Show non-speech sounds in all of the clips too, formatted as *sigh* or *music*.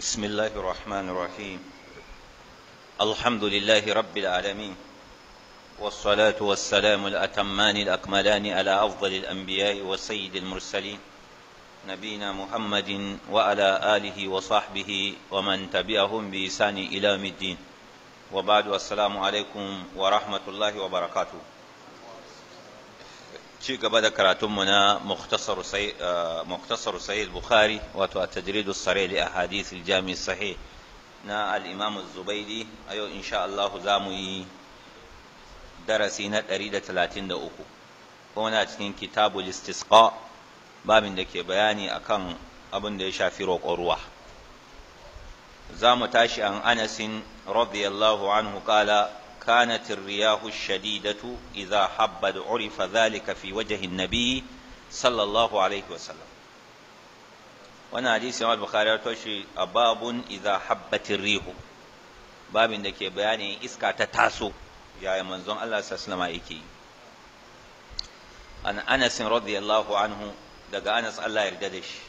بسم الله الرحمن الرحيم الحمد لله رب العالمين والصلاة والسلام الأتمان الأكملان على أفضل الأنبياء وسيد المرسلين نبينا محمد وعلى آله وصحبه ومن تبعهم بإحسان إلى الدين وبعد السلام عليكم ورحمة الله وبركاته ci gaba da karatunmu na muktasar sahih eh, bukhari wato a tajridu sare a hadithul jami sahih na imam zubaidi a yau insha Allah za mu yi darasi na 133 kuma na cikin kitabu istisqa babin da ke bayani akan abin da ya shafi roƙon ruwa za mu tashi an anasin radiyallahu anhu kala كانت الرياح الشديدة إذا حبت عرف ذلك في وجه النبي صلى الله عليه وسلم وانا حديث امام البخاري توشي باب إذا حبت الريح باب دake bayani iska ta taso yaya manzon Allah sallallahu alaihi yake an Anas radiyallahu anhu daga Anas Allah yarda da shi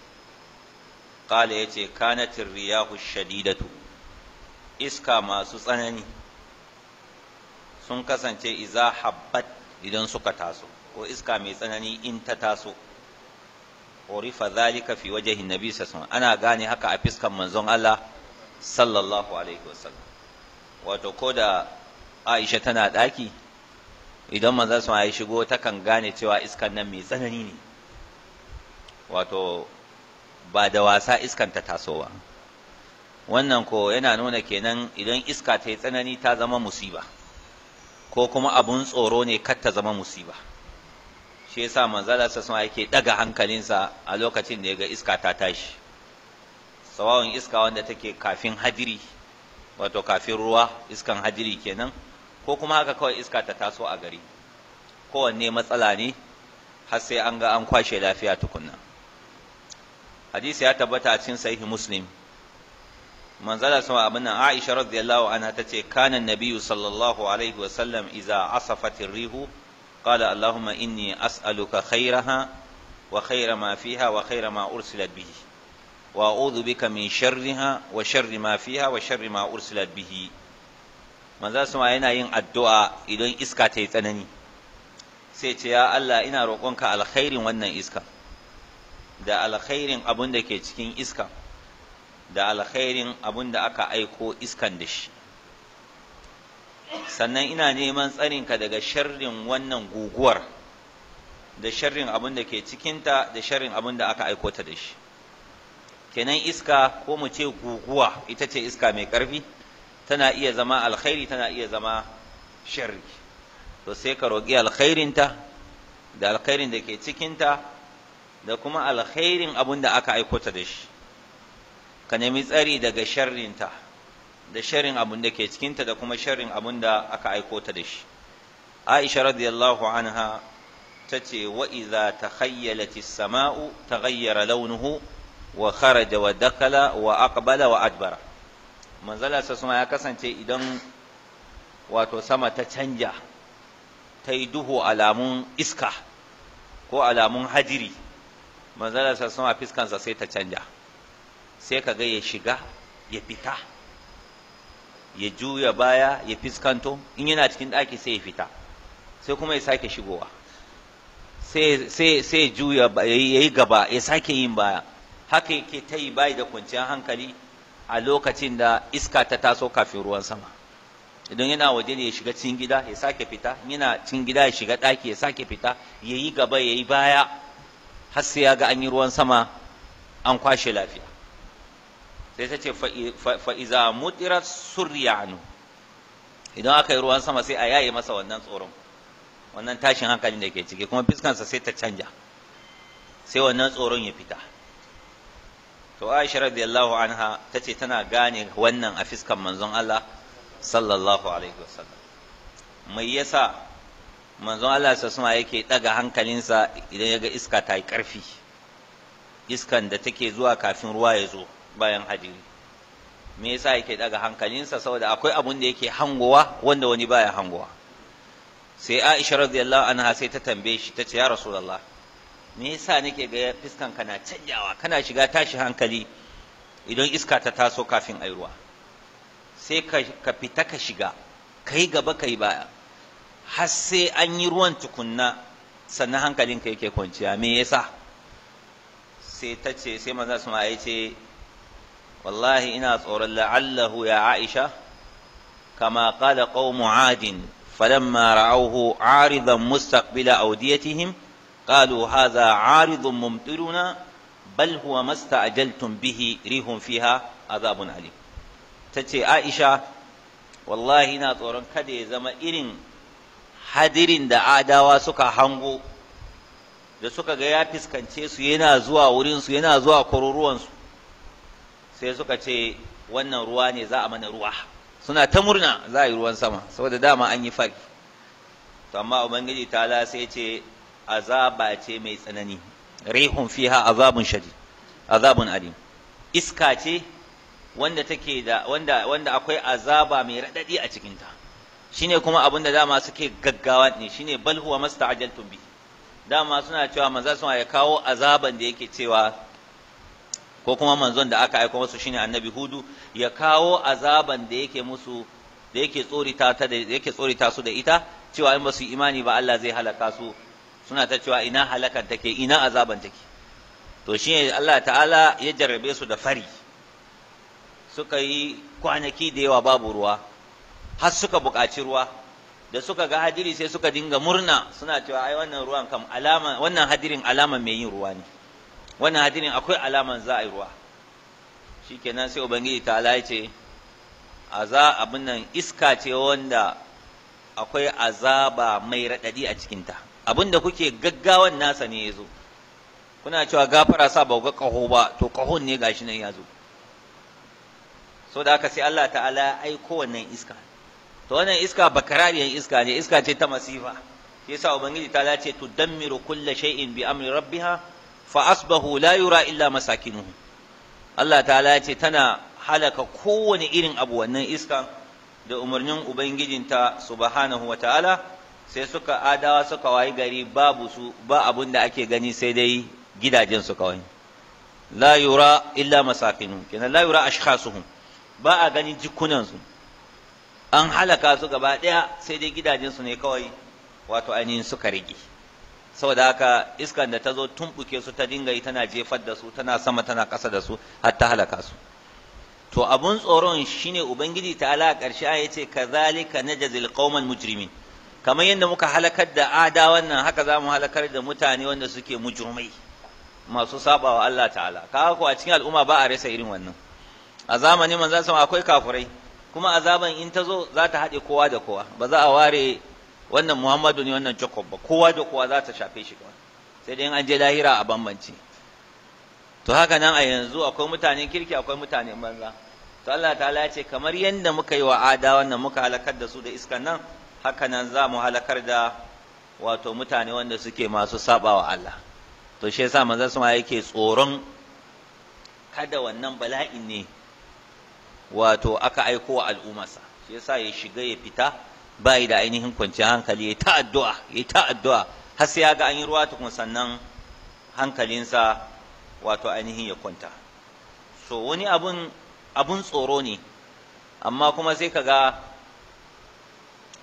qala yace kanatir riyahu shadidatu iska masu tsanani sun kasance iza habbat idan suka taso ko iska mai tsanani in ta taso urifa zalika fi wajhi nabi sallallahu ana gane haka a fiskan manzon Allah sallallahu alaihi wasallam wato ko da Aisha tana daki idan manzon sa ya shigo takan gane cewa iskan nan mai tsanani ne wato ba da wasa iskan ta tasowa wannan ko yana nuna kenan idan iska ta yi tsanani ta zama musiba ko kuma abun tsoro ne kar ta zama musiba shi yasa manzala sa sun yake ɗaga hankalinsa a lokacin da ya ga iska ta tashi tsawon iska wanda take kafin hadiri wato kafin ruwa iskan hadiri kenan ko kuma haka kawai iska ta taso a gari kowanne matsala ne har sai an ga an kwashe lafiya tukunna hadisi ya tabbata a cikin sahihi muslim manzala sama abin nan Aisha radiyallahu anha ce kana Nabiyu, sallallahu alaihi wa sallam idza asafatir rihu qala allahumma inni as'aluka khairaha wa khaira ma fiha wa khaira ma ursilat bihi wa a'udhu bika min sharriha wa sharri ma fiha wa sharri ma ursilat bihi manzala sama yana yin addu'a idan iska ta yi tsanani sai ce ya Allah ina roƙonka alkhairin wannan iska da alkhairin abun da ke cikin iska da alkhairin abun da aka aiko iskan da shi sannan ina neman tsarinka daga sharrin wannan guguwar da sharrin abun da ke cikinta da sharrin abun da aka aiko ta da shi kenan iska ko mu ce guguwa ita ce iska mai ƙarfi tana iya zama alkhairi tana iya zama sharri to sai ka roƙi alkhairinta da alkhairin da ke cikinta da kuma alkhairin abun da aka aiko ta da shi ka nemi tsari daga sharrinta da sharrin abun da ke cikinta da kuma sharrin abun da aka aiko ta da shi aisha radiyallahu anha ta ce wa iza takhayyalat as-sama'u taghayyara launuhu wa kharaja wa dakala wa aqbala wa adbara manzala sa suma ya kasance idan wato sama ta canja ta yi duhu alamun iska ko alamun hajiri, manzala sa suma fiskansa sai ta canja sai ka ga ya shiga ya fita ya juya baya ya fiskanto in yana cikin ɗaki sai ya fita sai kuma ya sake shigowa sai ya juya ya yi gaba ya sake yin baya haka yake ta yi bayi da kwanciyar hankali a lokacin da iska ta taso kafin ruwan sama idan yana waje ne ya shiga cikin gida ya sake fita yana cikin gida ya shiga ɗaki ya sake fita ya yi gaba ya yi baya har sai ya ga an yi ruwan sama an kwashe lafiya sai ta ce fa'iza mutirar suryanu idan aka yi ruwan sama sai a yaye masa wannan tsoron wannan tashin hankalin da ke ciki kuma fiskansa sai ta canja sai wannan tsoron ya fita to aisha radiyallahu anha ta ce tana gane wannan a fiskan manzon Allah sallallahu alaihi wasallam mai yasa manzon Allah sassuma yake daga hankalinsa idan ya ga iska ta yi ƙarfi iskan da take zuwa kafin ruwa ya zo bayan hadiri me yasa yake daga hankalinsa saboda akwai abun da yake hangowa wanda wani baya hangowa sai Aisha radiyallahu anha sai ta tambaye shi tace ya Rasulullah me yasa nake ga fiskan kana canjawa kana shiga tashi hankali idan iska ta taso kafin yi ruwa sai ka fita ka shiga kai gaba kai baya har sai an yi ruwan tukunna sannan hankalinka yake kwanciya me yasa sai ta ce sai manzo su ma ya wallahi ina tsoron la'allahu ya aisha kama qala qaumu adin falamma ra'awhu aridan mustaqbila awdiyatihim qalu hadha aridun mumtiruna bal a jaltun bihi rihun fiha azabun Ta tace aisha wallahi ina tsoron kada ya zama irin hadirin da adawa suka hango da suka ga ya fiskance su yana zuwa wurinsu yana zuwa kwaruruwansu sai suka ce wannan ruwa ne za a mana ruwa suna ta murna za a yi ruwan sama saboda dama an yi fari to amma ubangiji la sai ce azaba ce mai tsanani rihun fiha azabun shadi azabun alim iska ce wanda take da wanda wanda akwai azaba mai radadi a cikin ta shine kuma abin da dama suke gaggawa ne shine bal huwa masta'ajaltum bi dama suna cewa maza sun ya kawo azaban da yake cewa ko kuma manzon da aka aika musu shine annabi hudu ya kawo azaban da yake musu da yake tsorita ta da yake tsorita su da ita cewa in basu imani ba Allah zai halaka su suna ta cewa ina halakan take ina azaban take to shine Allah ta'ala ya jarrabe su da fari suka yi kwanaki da yawa babu ruwa har suka buƙaci ruwa da suka ga hadiri sai suka dinga murna suna cewa ai wannan ruwan kam alama wannan hadirin alama mai yin ruwa ne wannan hadinin akwai alaman za a yi ruwa Shi kenan sai ubangiji ta ala ce a za abin nan iska ce wanda akwai azaba mai raɗaɗi a cikinta abin da kuke gaggawan nasa ne ya zo kuna cewa gafara sa ba ga ƙaho ba to ƙahon ne gashi nan ya zo so da aka sai Allah ta'ala aiko wannan iska to wannan iska bakarariyar iska ne iska ce ta masifa yasa ubangiji ta ce tudammiru kulla shay'in bi amri rabbiha fa asbahu la yura illa masakinuhu Allah ta'ala ya ce tana halaka kowane irin abu wannan iska da umarnin ubangijinta subhanahu wa ta'ala sai suka adawa suka wayi gari babu su ba abun da ake gani sai dai gidajen su kawai la yura illa masakinu kenan la yura ashkhasuhum ba a gani jikunan su an halaka su gaba daya sai dai gidajen su ne kawai wato ainihin suka rige saboda haka iskan da ta zo tumbuke su ta dinga yi tana jefar da su tana sama tana ƙasa da su har ta halaka su to abun tsoron shine ubangiji ta'ala a ƙarshe ya ce kazalika najazil qauman mujrimin kamar yadda muka halakar da ada wannan haka za mu halakar da mutane wanda suke mujrumai masu sabawa Allah ta'ala kaga ko a cikin al'umma ba a rasa irin wannan a zamanin manzon akwai kafurai kuma azaban in ta zo za ta haɗe kowa da kowa ba za a ware wannan Muhammadu ne wannan Jacob ba kowa da kowa za ta shafe shi kawai sai dai an je lahira a bambanci. to haka nan a yanzu akwai mutanen kirki akwai mutanen banza to Allah ta'ala ya ce kamar yadda muka yi wa ada wannan muka halakar da su da iskan nan haka nan za mu halakar da wato mutane wanda suke masu wa Allah to shi yasa manzon sama yake tsoron kada wannan bala'in ne wato aka aiko wa al'ummarsa shi yasa ya shiga ya fita yi da ainihin kwanciyar hankali ya ta addu'a ya ta addu'a har sai ya ga an yi ruwa tukun sannan hankalinsa wato ainihin ya kwanta so wani abun tsoro ne amma kuma sai ka ga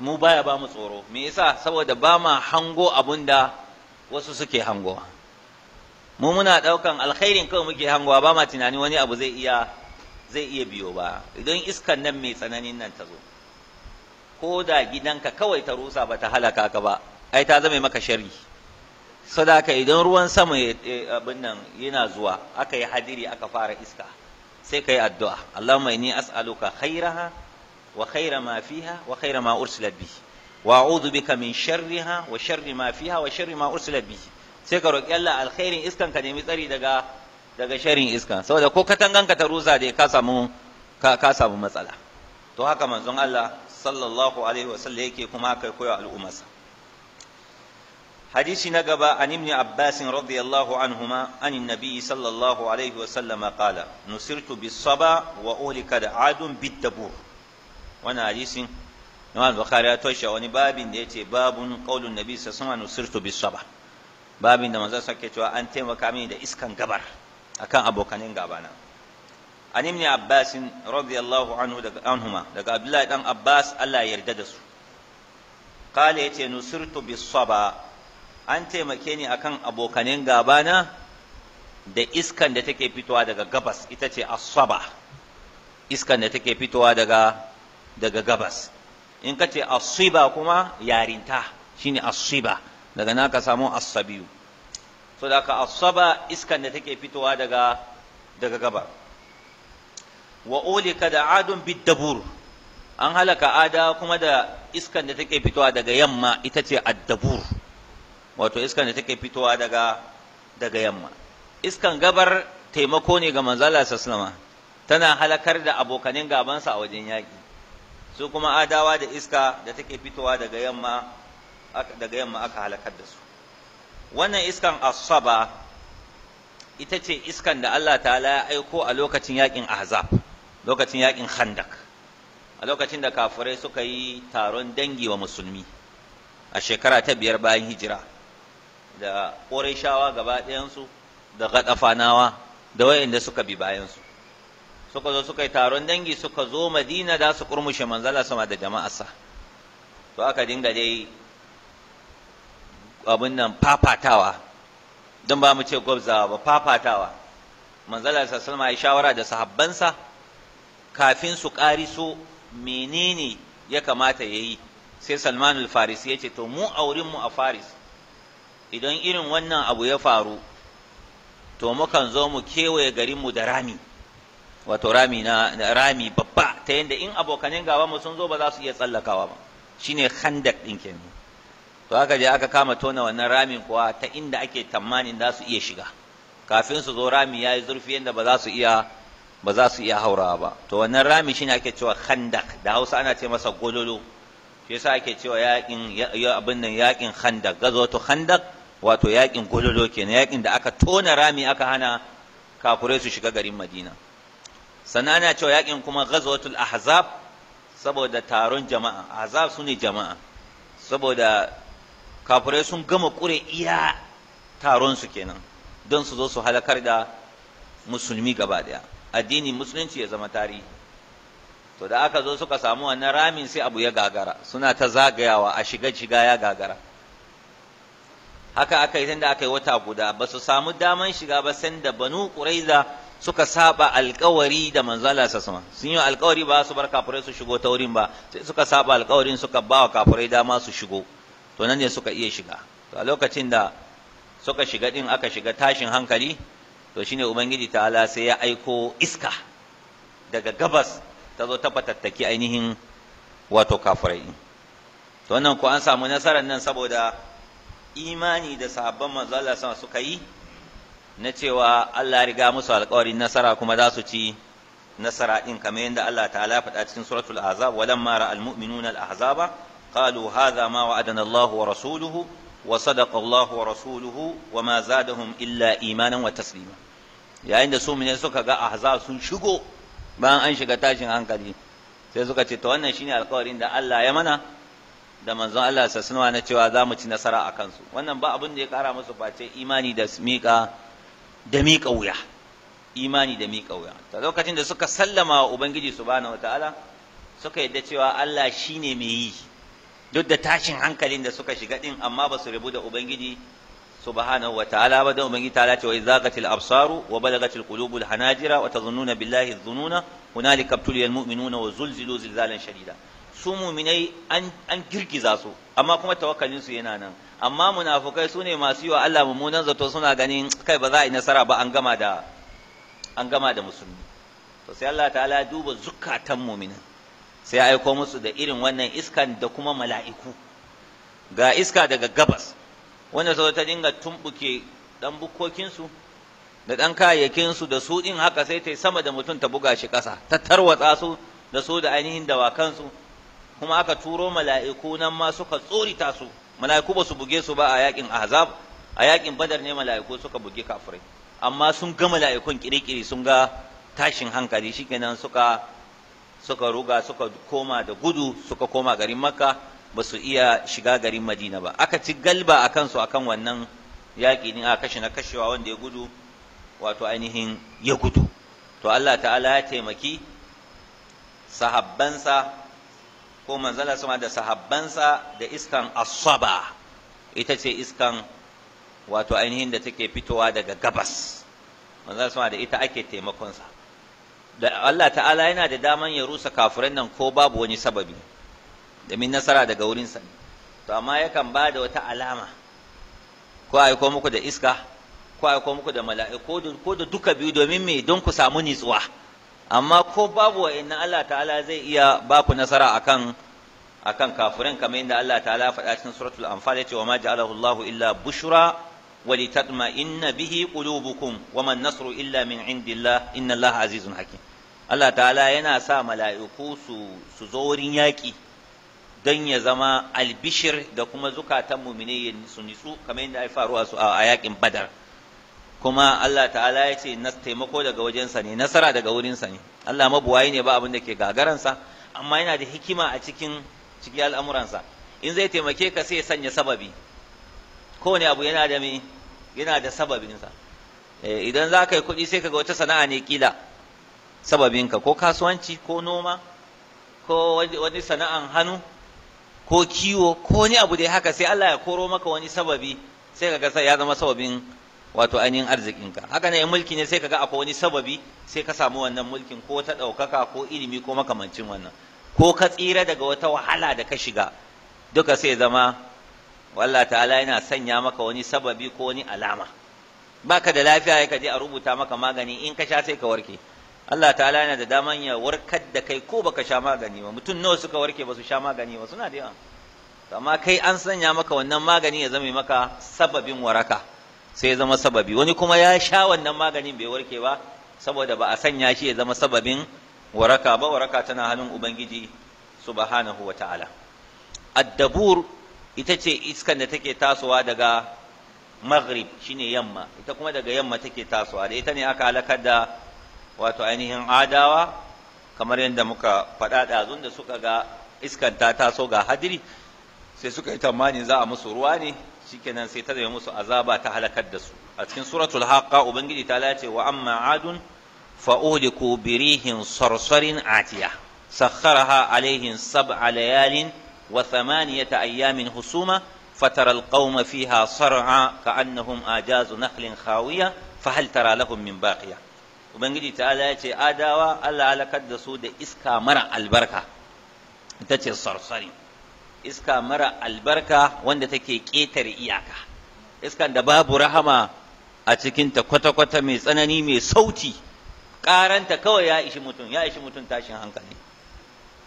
mu baya ba mu tsoro me yasa saboda ba ma hango abun da wasu suke hangowa mu muna ɗaukan alkhairin kawai muke hangowa ba ma tunani wani abu zai iya zai iya biyo ba idan iskan nan mai tsananin nan ta zo ko da gidanka kawai ta rusa ba ta halaka ka ba ai ta zame maka shari sadaka idan ruwan sama abin nan yana zuwa aka yi hadiri aka fara iska sai ka yi addu'a Allahumma inni as'aluka khairaha wa khaira ma fiha wa khaira ma ursilat bihi wa a'udhu bika min sharriha wa sharri ma fiha wa sharri ma ursilat bihi sai ka roki Allah alkhairin iskan ka nemi tsari daga daga sharrin iskan saboda ko ka ta rusa dai ka samu ka samu matsala to haka manzon Allah sallallahu alaihi wasallam yake kuma kai koyo al'ummarsa hadisi na gaba an ibn abbasin radiyallahu anhuma an annabi sallallahu alaihi wasallam qala nusirtu bis saba wa ulika da adun bid dabur wannan hadisin Imam Bukhari ya toshe wani babin da yace babun qaulun nabi sallallahu alaihi wasallam nusirtu bis saba babin da manzo sake cewa an taimaka mini da iskan gabar akan abokanin gabana an ibn abbas radiyallahu anhu daga anhuma daga abdullahi dan abbas Allah ya yarda da su Kale yace nusirtu bis saba an taimake ni akan abokanin gabana da iskan da take fitowa daga gabas ita ce as-saba iskan da take fitowa daga daga gabas in kace ce as-siba kuma yarinta shine as-siba daga naka samu as-sabiyu so daga as-saba iskan da take fitowa daga daga gabas wa ulika da adun biddabur an halaka ada kuma da iskan da take fitowa daga yamma ita ce addabur wato iskan da take fitowa daga daga yamma iskan gabar taimako ne ga manzala saslama tana halakar da abokanin gabansa a wajen yaƙi su kuma adawa da iska da take fitowa daga yamma daga yamma aka halakar da su wannan iskan asaba ita ce iskan da Allah ta'ala ya aiko a lokacin yaƙin ahzab lokacin yakin handak, a lokacin da kafirai suka yi taron dangi wa musulmi a shekara ta biyar bayan hijira da ƙorishawa gaba ɗayansu da gaɗafanawa da wayanda suka bi bayansu suka zo suka yi taron dangi suka zo madina da su ƙurmushe manzala sama da jama'arsa to aka dinga dai abin nan fafatawa don ba mu ce gwabzawa ba fafatawa manzala sassalma ya shawara da sahabbansa kafin su so menene ya kamata ya yi sai salman al-farisi ya ce to mu a wurin mu a faris idan irin wannan abu ya faru to mukan zo mu kewaye garinmu da rami wato rami na rami babba ta yadda in abokanin gaba mu sun zo ba za su iya tsallakawa ba shine handak din kenan to haka je aka kama tona wannan ramin kuwa ta inda ake tamanin za su iya shiga kafin su zo rami yayi zurfi yadda ba za su iya ba za su iya haurawa ba to wannan rami shine ake cewa khandak da Hausa ana ce masa gololo shi yasa ake cewa yakin abin nan yakin khandak gazwatu khandak wato yakin gololo kenan yakin da aka tona rami aka hana kafurai su shiga garin Madina sannan ana cewa yakin kuma gazwatul ahzab saboda taron jama'a ahzab ne jama'a saboda kafurai sun gama kure iya taron su kenan don su zo su halakar da musulmi gaba daya Addini musulunci ya zama tarihi to da aka zo suka samu wannan ramin sai abu ya gagara suna ta zagayawa a shiga shiga ya gagara haka aka yi tunda aka yi wata guda ba su samu daman shiga ba san da banu quraiza suka saba alkawari da manzala sassama sun yi alkawari ba su bar kafirai su shigo ta wurin ba sai suka saba alkawarin suka ba wa kafirai dama su shigo to nan ne suka iya shiga to a lokacin da suka shiga din aka shiga tashin hankali to shine ubangiji ta'ala sai ya aiko iska daga gabas ta zo ta fatattaki ainihin wato kafirai to wannan ko an samu nasarar nan saboda imani da sabon manzo Allah sama suka yi na cewa Allah ya riga musu alƙawarin nasara kuma za su ci nasara din kamar yadda Allah ta'ala faɗa cikin suratul ahzab walamma ra'al mu'minuna al ahzaba qalu hadha ma wa'adana wa rasuluhu wa sadaqa Allah wa rasuluhu wa ma zadahum illa imanan wa taslima yayin da su ne suka ga ahzab sun shigo bayan an shiga tashin hankali sai suka ce to wannan shine alƙawarin da Allah ya mana da manzon Allah sallallahu alaihi na cewa za mu ci nasara a kansu wannan ba abin da ya kara musu face imani da miƙa da miƙa wuya imani da miƙa wuya ta lokacin da suka sallama ubangiji subhanahu wataala suka yadda cewa Allah shine mai yi duk da tashin hankalin da suka shiga din amma ba su rabu da ubangiji subhanahu wa ta'ala ba da ubangiji ta'ala ce wa izaqatil absaru wa balagatil qulubul hanajira wa tazunnuna billahi dhununa hunalika ibtuliyal mu'minuna wa zulzilu zilzalan shadida su muminai an girgiza su amma kuma tawakkalin su yana nan amma munafukai su ne masu yi Allah mummunan zato suna ganin kai ba za a yi nasara ba an gama da an gama da musulmi to sai Allah ta'ala duba zukatan muminai sai aiko musu da irin wannan iska da kuma mala'iku ga iska daga gabas wanda sau ta dinga tumbuke ɗan bukkokinsu da ɗan kayayyakinsu da su ɗin haka sai ta yi sama da mutum ta buga shi ƙasa ta tarwatsa su da su da ainihin dawakansu kuma aka turo mala'iku nan ma suka tsorita su mala'iku ba su buge su ba a yaƙin ahzab a yakin badar ne mala'iku suka buge kafirai amma sun ga mala'ikun kirikiri sun ga tashin hankali shikenan suka suka ruga suka koma da gudu suka koma garin makka ba su iya shiga garin madina ba aka ci galba a kansu a kan wannan yaƙi din a kashe na kashewa wanda ya gudu wato ainihin ya gudu to allah ta'ala ya taimaki sahabbansa ko manzala sama da sahabbansa da iskan asaba ita ce iskan wato ainihin da take fitowa daga gabas manzala sama da ita ake taimakonsa da Allah ta'ala yana da daman ya rusa kafiran nan ko babu wani sababi domin nasara daga wurinsa ne to amma yakan ba da wata alama ko aiko muku da iska ko aiko muku da mala'iku ko da duka biyu domin me don ku samu nitsuwa amma ko babu inna Allah ta'ala zai iya ba ku nasara akan akan kafirin kamar inda Allah ta'ala faɗa cikin suratul anfal yace wa ma ja'alahu Allahu illa bushra ولتطمئن به قلوبكم وما النصر إلا من عند الله إن الله azizun حكيم Allah ta'ala yana sa mala'iku su su yaƙi don ya zama albishir da kuma zukatan mumine su nitsu kamar yadda ya faru a yaƙin badar kuma Allah ta'ala ya ce taimako daga wajensa ne nasara daga wurinsa ne Allah mabuwayi ne ba abin da ke gagaransa amma yana da hikima a cikin cikin al'amuransa in zai taimake ka sai ya sanya sababi kowane abu yana da mi, yana da sababinsa eh, idan za ka yi kuɗi sai ka ga wata sana'a ne kila sababinka ko kasuwanci ko noma ko wani sana'an hannu ko kiwo ko wani abu dai haka sai Allah ya koro maka wani sababi sai ka ga ya zama sababin wato ainihin arzikinka haka ne mulki ne sai ka ga akwai wani sababi sai ka samu wannan mulkin ko ta ɗaukaka ko ilimi ko makamancin wannan ko ka tsira daga wata wahala da ka shiga duka sai zama wallah ta'ala yana sanya maka wani sababi ko wani alama baka da lafiya ya kaje a rubuta maka magani in ka sha sai ka warke Allah ta'ala yana da daman ya warkar da kai ko baka sha magani ba mutum nawa suka warke ba su sha magani ba suna da yawa amma kai an sanya maka wannan magani ya zama maka sababin waraka sai ya zama sababi wani kuma ya sha wannan maganin bai warke ba saboda ba a sanya shi ya zama sababin waraka ba waraka tana hannun ubangiji subhanahu wa ta'ala addabur ita ce iskan da take tasowa daga maghrib shine yamma ita kuma daga yamma take tasowa da ita ne aka halakar da wato ainihin adawa kamar yadda muka faɗa ɗazun da suka ga iskan ta taso ga hadiri sai suka yi tamani za a musu ruwa ne shikenan sai ta zama musu azaba ta halakar da su a cikin suratul haqqa ubangiji ta lace wa amma adun fa uhliku birihin sarsarin atiya sakharaha alaihin sab'a layalin wa thamaniyata ayyamin husuma fataral qauma fiha sar'a ka'annahum ajazu nakhlin khawiya fa hal tara lahum min baqiya ubangiji ta'ala ya ce adawa Allah halakar da su da iska mara albarka ita ce sarsari iska mara albarka wanda take ƙetare iyaka iskan da babu rahama a ta kwata-kwata mai tsanani mai sauti ƙaranta kawai ya ishi mutum ya ishi mutum tashin hankali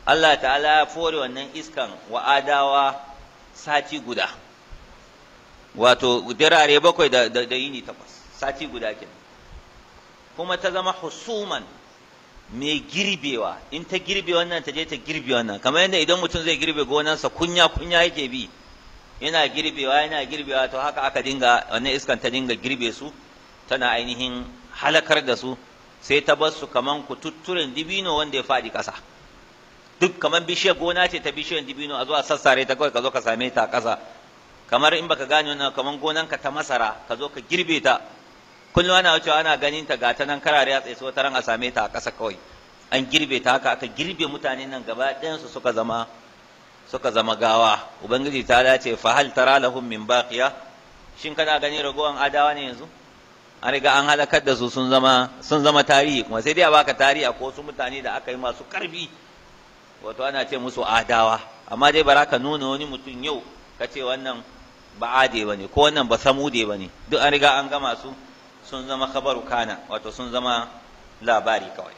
Allah ta'ala ya fore wannan iskan wa adawa sati guda wato dirare bakwai da, da, da yini takwas sati guda ke. kuma ta zama husuman mai girbewa in ta girbe wannan ta je ta girbe wannan kamar yadda idan mutum zai girbe gonarsa kunya kunya yake bi yana girbewa yana girbewa to haka aka dinga wannan iskan ta dinga girbe su tana ainihin halakar da su sai ta bar su kaman kututturen dibino wanda ya faɗi ƙasa duk kamar bishiyar gona ce ta bishiyar dibino a zuwa sassare ta kawai ka zo ka same ta a ƙasa kamar in baka gane wannan kamar gonanka ta masara ka zo ka girbe ta kullum ana wucewa ana ganin ta gata nan karare ya tsaye ta ran a same ta a ƙasa kawai an girbe ta haka aka girbe mutane nan gaba ɗayansu suka zama suka zama gawa ubangiji ta dace fa hal tara lahum min baqiya shin kana ganin ragowan adawa ne yanzu an riga an halakar da su sun zama sun zama tarihi kuma sai dai a baka tarihi ko su mutane da aka yi masu karfi wato ana ce musu adawa amma dai bara ka nuna wani mutum yau ka ce wannan ba ade ba ne ko wannan ba samude ba ne duk an riga an gama su sun zama kabaru kana wato sun zama labari kawai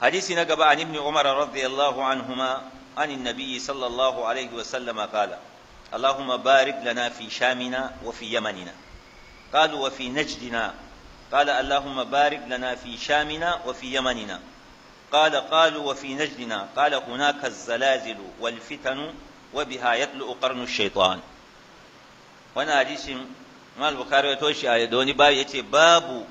hadisi na gaba an ibn umar radiyallahu anhuma an annabi sallallahu alaihi wa sallama qala lana fi shamina wa في شامنا qalu wa fi najdina qala قال اللهم lana fi shamina wa وفي يمننا قال قالوا وفي نجدنا قال هناك الزلازل والفتن وبها يطلع قرن الشيطان وانا حديث ما البخاري وتوشي آية دوني باب يتي باب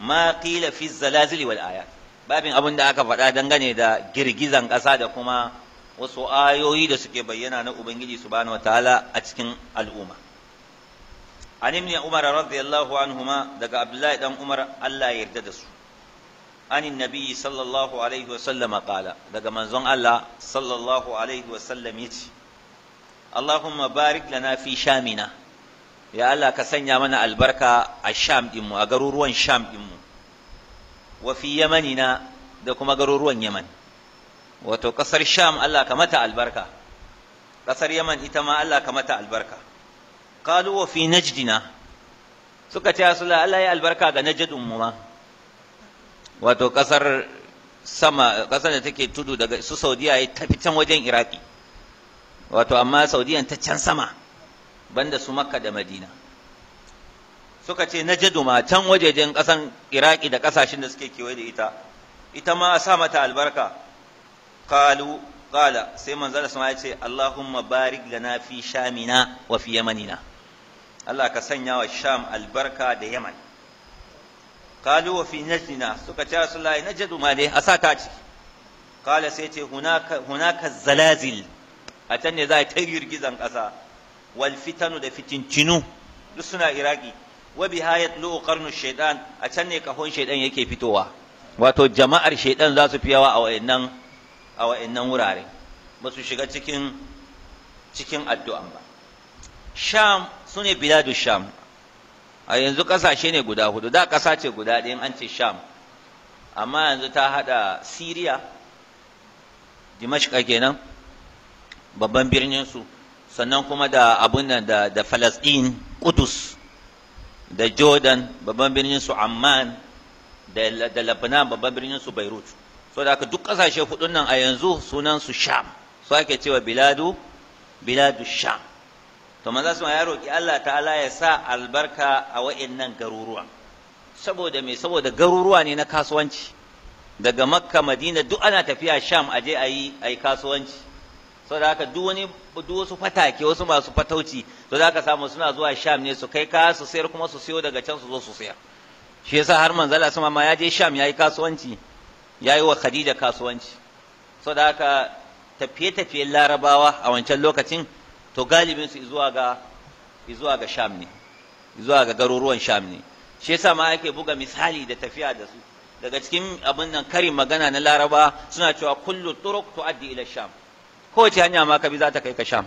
ما قيل في الزلازل والآيات babin abin da aka faɗa dangane da girgizan ƙasa da kuma wasu ayoyi da suke bayyana na Ubangiji subhanahu wataala a cikin al'umma an ibn umar radiyallahu anhuma daga abdullahi dan umar Allah ya yarda da su عن النبي صلى الله عليه وسلم قال daga manzon Allah sallallahu alaihi wasallam yace Allahumma barik lana fi shamina ya Allah ka sanya mana albarka a Sham din mu a garuruwan Sham din mu wa fi da kuma garuruwan Yaman wato ƙasar Sham Allah ka mata albarka Ƙasar Yaman ita ma Allah ka mata albarka qalu wa fi najdina suka ce Allah ya albarka ga najdin mu ma wato kasar sama kasar da take tudu daga su saudiya ya tafi can wajen iraki wato amma saudiyan ta can sama banda su makka da madina suka ce na jaduma can wajejen kasan iraki da kasashen da suke kewaye da ita ita ma a sa mata albarka kalu kala sai manzo da sama ya ce allahumma barik lana fi shamina wa fi yamanina allah ka sanya wa sham albarka da yaman Kalu wa fi najdina suka ce rasulullahi najdu ma dai a sata ci qala sai ce hunaka hunaka zalazil a can ne za a ta girgizan ƙasa wal fitanu da fitintinu duk suna iraki wa biha yatlu qarnu shaytan a can ne kahon shaytan yake fitowa wato jama'ar shaidan za su fiyawa a wayannan a wa'annan wurare ba su shiga cikin cikin addu'an ba sham sune biladu sham a yanzu ƙasashe ne guda hudu da ƙasa ce guda ɗaya an ce sham amma yanzu ta haɗa siriya dimashka kenan babban birnin su sannan kuma da abun nan da da falasɗin kudus da jordan babban birnin su amman da da lebanon babban birnin su beirut so da duk ƙasashe hudun nan a yanzu sunan su sham so ake cewa biladu biladu sham to manzo sun ya roki Allah ta'ala ya sa albarka a wa'annan garuruwa saboda me saboda garuruwa ne na kasuwanci daga makka madina duk ana tafiya sham aje ayi ayi kasuwanci saboda haka duk wani duk wasu fatake wasu masu fatauci to za ka samu suna zuwa sham ne su kai ka su sayar kuma su siyo daga can su zo su sayar shi yasa har Allah sama ma ya je sham yayi kasuwanci yayi wa khadija kasuwanci saboda haka tafiye-tafiyen larabawa a wancan lokacin to galibin su zuwa ga zuwa ga sham ne zuwa ga garuruwan sham ne shi yasa ma ake buga misali da tafiya da su daga cikin abin nan karin magana na laraba suna cewa kullu turuq tuaddi ila sham kowace hanya ma ka bi za ta kai ka sham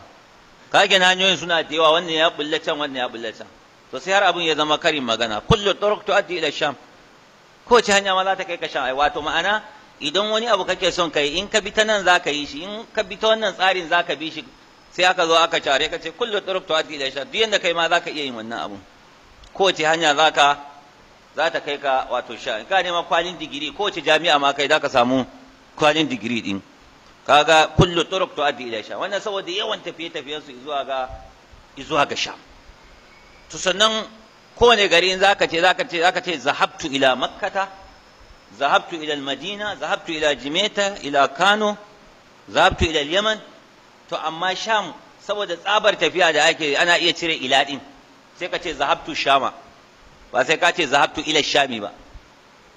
kage na hanyoyin suna da yawa wannan ya bulla can wannan ya bulla can to sai har abin ya zama karin magana kullu turuq tuaddi ila sham kowace hanya ma za ta kai ka sham ai wato ma'ana idan wani abu kake son kai in ka bi ta nan za ka yi shi in ka bi ta wannan tsarin za ka bi shi sai aka zo aka care ka ce kullu turuq tu'addi ila sha duk yanda kai ma zaka iya yin wannan abu Ko ce hanya zaka za ta kai ka wato sha in ka nema kwalin digiri kowace jami'a ma kai zaka samu kwalin digiri din kaga kullu turuq tu'addi ila sha wannan saboda yawan tafiye tafiyen su zuwa ga zuwa ga sha to sannan kowane gari in zaka ce zaka ce zaka ce zahabtu ila makkata zahabtu ila almadina zahabtu ila jimeta ila kano zahabtu ila yaman to amma sham saboda tsabar tafiya da ake ana iya cire ila din sai ka ce zahabtu shama ba sai ka ce zahabtu ila shami ba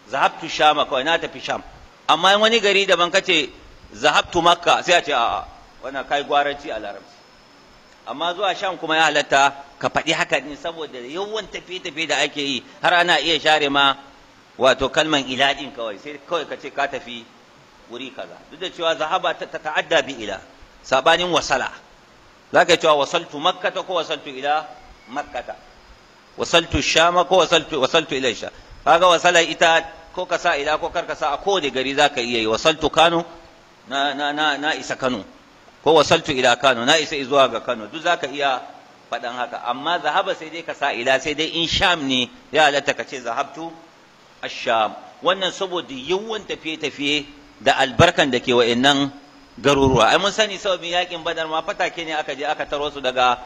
zahabtu shama kawai na tafi sham amma in wani gari daban ka ce zahabtu makka sai a ce a'a wannan kai gwaranci a larabci amma zuwa sham kuma ya halatta ka faɗi haka ne saboda yawan tafiye-tafiye da ake yi har ana iya share ma wato kalman ila din kawai sai kawai ka ce ka tafi wuri kaza duk da cewa zahaba ta ta'adda bi ila sabanin wasala za ka cewa wasaltu makkata ko wasaltu ila makkata wasaltu shama ko wasaltu wasaltu ila sha kaga wasala ita ko ka sa ila ko kar ka sa a kowane gari za ka iya yi wasaltu kano na na na na isa kano ko wasaltu ila kano na isa zuwa ga kano duk za ka iya faɗan haka amma zahaba sai dai ka sa ila sai dai in sham ne ya halatta ka ce zahabtu asham wannan saboda yawan tafiye-tafiye da albarkan da ke wa'annan garuruwa ai mun sani sababin yakin badar ma fatake ne aka je aka taro su daga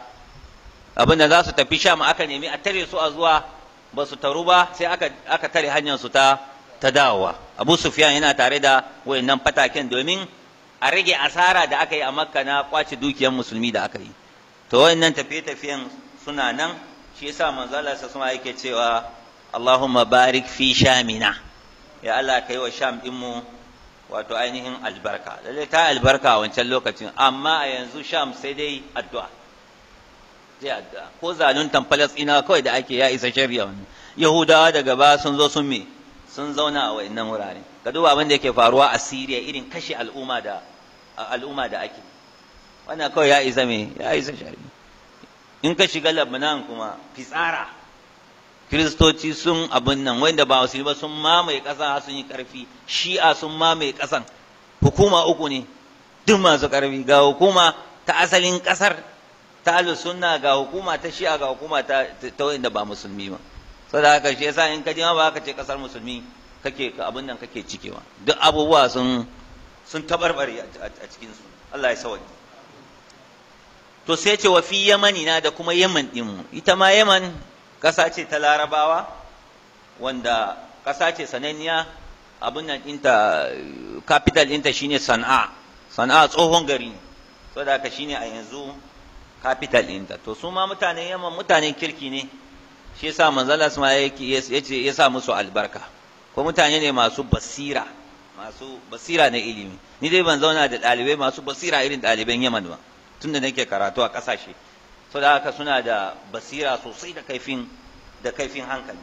abinda za su tafi sham aka nemi a tare su a zuwa ba su taru ba sai aka aka tare hanyar su ta ta dawowa abu sufyan yana tare da wayannan fataken domin a rage asara da aka yi a makka na kwace dukiyar musulmi da aka yi to wayannan tafiye-tafiyen suna nan shi yasa manzala sa suma yake cewa Allahumma barik fi shamina ya Allah kai wa sham din mu wato ainihin albarka lalle ta albarka a wancan lokacin amma a yanzu sham sai dai addu'a sai addu'a ko zaluntan falastina kawai da ake ya isa shari'a wannan yahudawa daga ba sun zo sun me sun zauna a wayannan wurare ka duba abin da yake faruwa a Siriya irin kashe al'umma da al'umma da ake wannan kawai ya isa me ya isa shari'a in ka shiga Lebanon kuma fitsara kiristoci sun abin nan wanda ba yi ba sun mamaye ƙasa sun yi ƙarfi shi'a sun mamaye ƙasan hukuma uku ne duk masu ƙarfi ga hukuma ta asalin ƙasar ta sunna ga hukuma ta shi'a ga hukuma ta ta wanda ba musulmi ba saboda haka shi yasa in ka ji ma ba ka ce ƙasar musulmi kake abin nan kake cikewa duk abubuwa sun sun tabarbare a cikin su Allah ya sauke to sai ce wa fi yamani na da kuma yaman din ita ma yaman ƙasa ce ta larabawa wanda ƙasa ce sananniya abin nan inta capital inta shine sana'a sana'a tsohon gari da haka shine a yanzu capital ɗinta to su ma mutane yamma mutanen kirki ne shi yasa manzala su ma yace ya sa musu albarka ko mutane ne masu basira masu basira na ilimi ni dai ban zauna da ɗalibai masu basira irin ɗaliban yaman ba tunda nake karatu a ƙasashe so haka suna da basira sosai da kaifin da kaifin hankali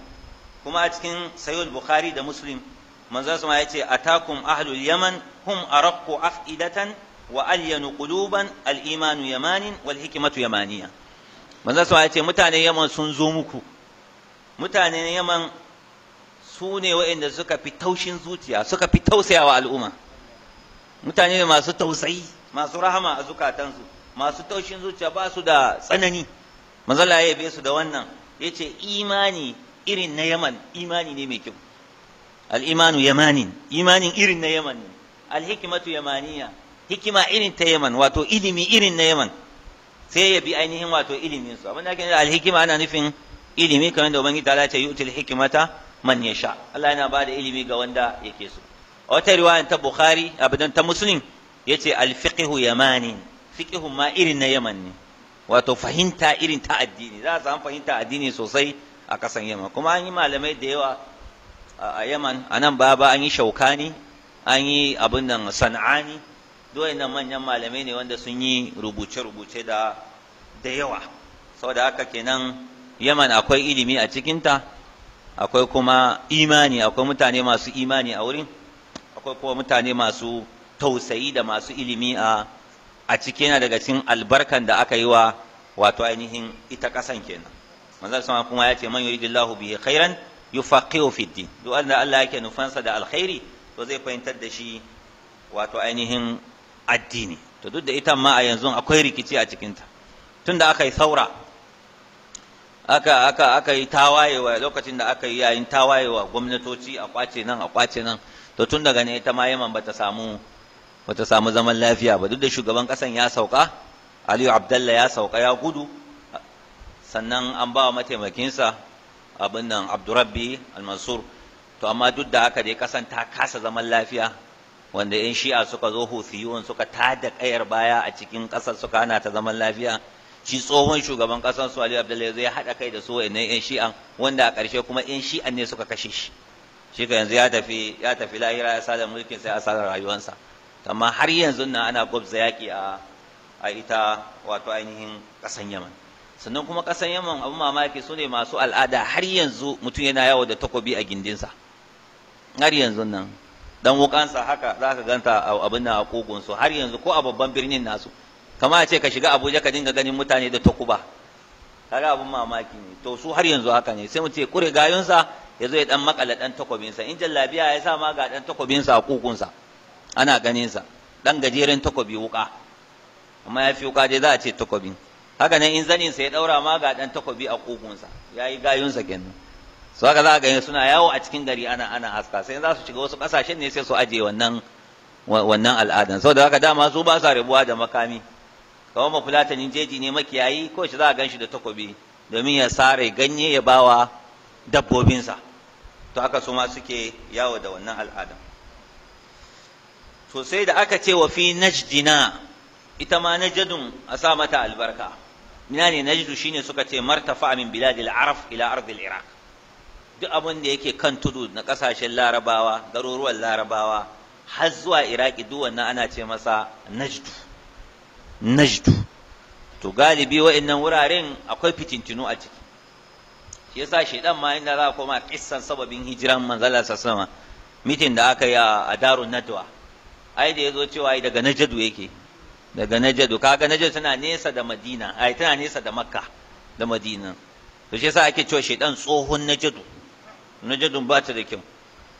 kuma a cikin sayyid bukhari da muslim manzo sama yace atakum ahlul yaman hum araqqu afidatan wa alyanu quluban al-imanu yamanin wal hikmatu yamaniya manzo sama yace mutanen yaman sun zo muku mutanen yaman su ne waɗanda suka fi taushin zuciya suka fi tausayawa al'umma mutane masu tausayi masu rahama a zukatansu masu taushin zuciya ba su da tsanani manzala ya yabe su da wannan Ya ce imani irin na yaman imani ne mai kyau al-imanu yamanin imanin irin na yaman ne al-hikmatu yamaniya hikima irin ta yaman wato ilimi irin na yaman sai ya bi ainihin wato ilimin su abin da ake al-hikima ana nufin ilimi kamar da ubangiji ta ce yu'til hikimata man ya sha. Allah yana bada ilimi ga wanda yake so a wata riwaya ta bukhari abidan ta muslim yace al yamanin fiƙihun ma irin na Yaman ne wato fahimta irin ta addini za a samu fahimta addini sosai a kasan Yaman kuma an yi malamai da yawa a Yaman a nan baba an yi Shaukani an yi abin nan ne duk nan manyan malamai ne wanda sun yi rubuce-rubuce da da yawa saboda haka kenan Yaman akwai ilimi a cikinta akwai kuma imani akwai mutane masu imani a wurin akwai kuma mutane masu tausayi da masu ilimi a a ciki yana daga cikin albarkan da aka yi wa wato ainihin ita kasan kenan manzal sama kuma ya ce man yuridillahu bihi khairan yufaqihu fid din duk wanda Allah yake nufansa da alkhairi to zai fahimtar da shi wato ainihin addini to duk da ita ma a yanzu akwai rikici a ta tunda aka yi saura aka aka aka yi tawayewa lokacin da aka yi yayin tawayewa gwamnatoci a kwace nan a kwace nan to tun daga ne ita ma Yaman bata samu bata samu zaman lafiya ba duk da shugaban kasan ya sauka aliyu abdalla ya sauka ya gudu sannan an ba wa mataimakinsa abin nan abdurabbi almansur to amma duk da haka dai kasan ta kasa zaman lafiya wanda yan shi'a suka zo hufiyun suka tada kayar baya a cikin kasar suka hana ta zaman lafiya shi tsohon shugaban kasar su aliyu abdalla ya haɗa kai da su wa'annan yan shi'an wanda a ƙarshe kuma yan shi'an ne suka kashe shi shi ka yanzu ya tafi ya tafi lahira ya sada mulkin sai sada rayuwarsa amma har yanzu nan ana gwabza yaƙi a a ita wato ainihin ƙasan yaman sannan kuma ƙasan yaman abin mamaki su ne masu al'ada har yanzu mutum yana yawo da takobi a gindinsa har yanzu nan dan wukansa haka za ka ganta abin nan a ƙugunsu har yanzu ko a babban birnin nasu kama a ce ka shiga abuja ka dinga ganin mutane da takuba kaga abin mamaki ne to su har yanzu haka ne sai mu ce kure gayunsa ya zo ya dan makala dan takobinsa in jallabiya ya sa ma ga dan takobinsa a kukunsa ana ganin sa dan gajeren takobi wuka amma ya fi wuka dai za a ce takobi haka nan in zanin sa ya daura ma ga dan takobi a kugunsa yayi gayun sa kenan so haka za a gani suna yawo a cikin gari ana ana haska sai za su shiga wasu kasashen ne sai su aje wannan wannan al'adan saboda haka dama su ba sa rabuwa da makami kawai mafulatanin jeji ne makiyayi ko shi za a gan shi da takobi domin ya sare ganye ya bawa dabbobinsa to haka su ma suke yawo da wannan al'adan to sai da aka ce wa fi najdina ita ma najdun a sa mata albarka ina ne najdu shine suka ce martafa min biladil arab ila ardil iraq duk abin da yake kan tudu na kasashen larabawa garuruwan larabawa har zuwa iraki duk wannan ana ce masa najdu najdu to galibi wa'annan wuraren akwai fitintinu a ciki shi yasa shedan ma inda za a koma kissan sababin hijiran manzala sallama mitin da aka yi a darun nadwa ai da yazo cewa ai daga najadu yake daga najadu kaga najadu tana nesa da madina ai tana nesa da makka da madina to shi yasa ake cewa shedan tsohon najadu Najadu ba ta da kyau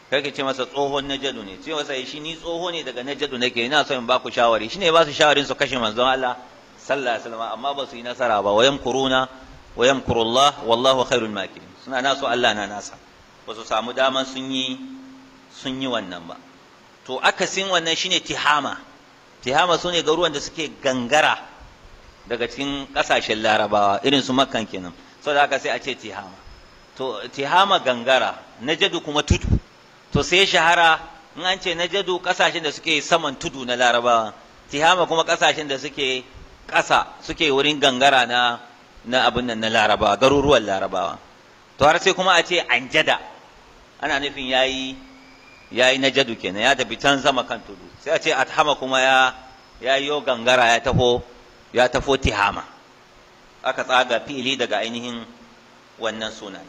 ka ce masa tsohon najadu ne ce masa eh, shi ni tsoho ne daga najadu nake ina so in ba ku shawari shine ba su shawarin su kashe manzon Allah sallallahu alaihi wasallam amma ba su yi nasara ba wayam kuruna wayam kurullah wallahu khairul makirin suna nasu Allah na nasa ba su samu daman sun yi sun yi wannan ba to akasin wannan shine tihama tihama sune garuruwan da suke gangara daga cikin kasashen larabawa irin su makkan kenan saboda haka sai a ce tihama to tihama gangara najadu kuma tudu to sai shahara in an ce najadu kasashen da suke saman tudu na larabawa tihama kuma kasashen da suke ƙasa suke wurin gangara na na abin nan na larabawa garuruwan larabawa to har sai kuma a ce anjada ana nufin yayi Ya yi na jadu kenan ya tafi can zama kan tudu sai a ce athama kuma ya yayo gangara ya taho ya tafo tihama aka tsaga fili daga ainihin wannan sunan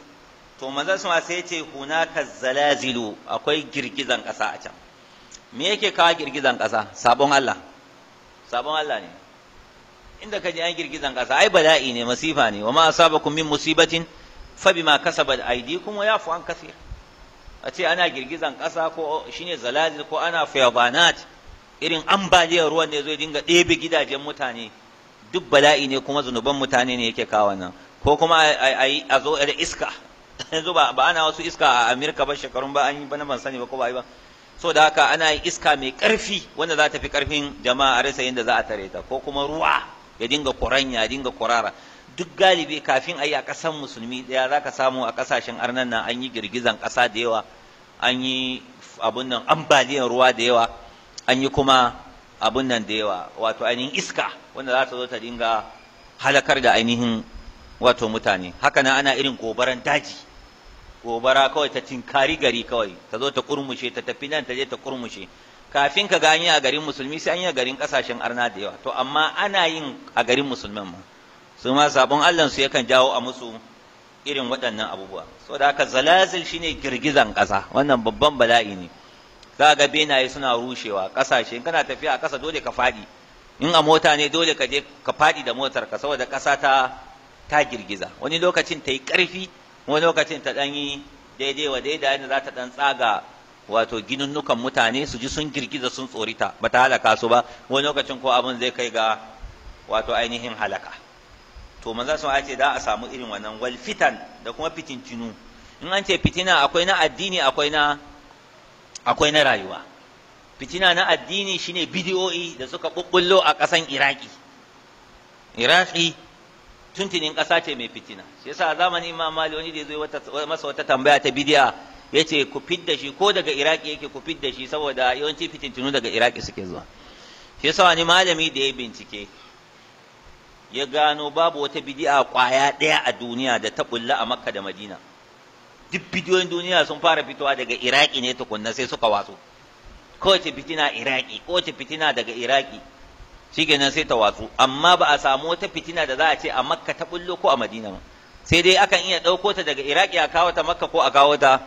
to manzo sun sai ce hunaka zalazilu akwai girgizan ƙasa a can me yake kawo girgizan ƙasa sabon Allah sabon Allah ne inda ka ji an girgizan ƙasa ai bala'i ne masifa ne wa ma asabakum min musibatin fa bima kasabat aydikum wa yafu an kaseer a ce ana girgizan ƙasa ko shine zalazil ko ana fayabanat irin ambaliyar ruwan ne zai dinga ɗebe gidajen mutane duk bala'i ne kuma zunuban mutane ne yake kawo nan ko kuma a zo da iska *laughs* yanzu ba ana wasu iska a Amurka ba shekarun ba an yi bana ban sani ba ko ba yi ba so da haka ana yin iska mai ƙarfi wanda za ta fi ƙarfin jama'a a rasa yadda za a tare ta ko kuma ruwa ya dinga kuranya ya dinga kurara duk galibi kafin a yi a ƙasan musulmi ɗaya za ka samu a ƙasashen arnan nan an yi girgizan ƙasa da yawa an yi abun nan ambaliyar ruwa da yawa an yi kuma abun nan da yawa wato ainihin iska wanda za ta zo ta dinga halakar da ainihin wato mutane haka nan ana irin gobaran daji gobara kawai ta tinkari gari kawai ta zo ta kurmushe ta tafi nan ta je ta kurmushe kafin ka ga a garin musulmi sai an yi a garin kasashen arna da yawa to amma ana yin a garin musulman ma su ma sabon Allah su yakan jawo a musu irin waɗannan abubuwa da haka zalazil shine girgizan ƙasa wannan babban bala'i ne za ga benaye suna rushewa ƙasashe in kana tafiya a ƙasa dole ka faɗi in a mota ne dole ka je ka faɗi da motar ka saboda ƙasa ta ta girgiza wani lokacin ta yi ƙarfi wani lokacin ta ɗan yi daidai wa daidai yadda za ta ɗan tsaga wato ginunnukan mutane su ji sun girgiza sun tsorita ba ta halaka su ba wani lokacin ko abin zai kai ga wato ainihin halaka to maza sun ake da a samu irin wannan wal fitan da kuma fitintinu in an ce fitina akwai na addini akwai na akwai na rayuwa fitina na addini shine bidiyoyi da suka bubbullo a ƙasan iraki iraki tuntunin ƙasa ce mai fitina shi yasa zamanin imam mali wani da zai zo masa wata tambaya ta bidiya yace ku fidda shi ko daga iraki yake ku fidda shi saboda yawanci fitintinu daga iraki suke zuwa shi yasa wani malami da ya bincike ya gano babu wata bidi'a kwaya ɗaya a duniya da ta bulla a makka da madina duk bidiyoyin duniya sun fara fitowa daga iraki ne tukunna sai suka watsu kowace fitina iraki kowace fitina daga iraki shikenan sai ta watsu amma ba a samu wata fitina da za a ce a makka ta bullo ko a madina ba sai dai akan iya ɗauko ta daga iraki a kawo ta makka ko a kawo ta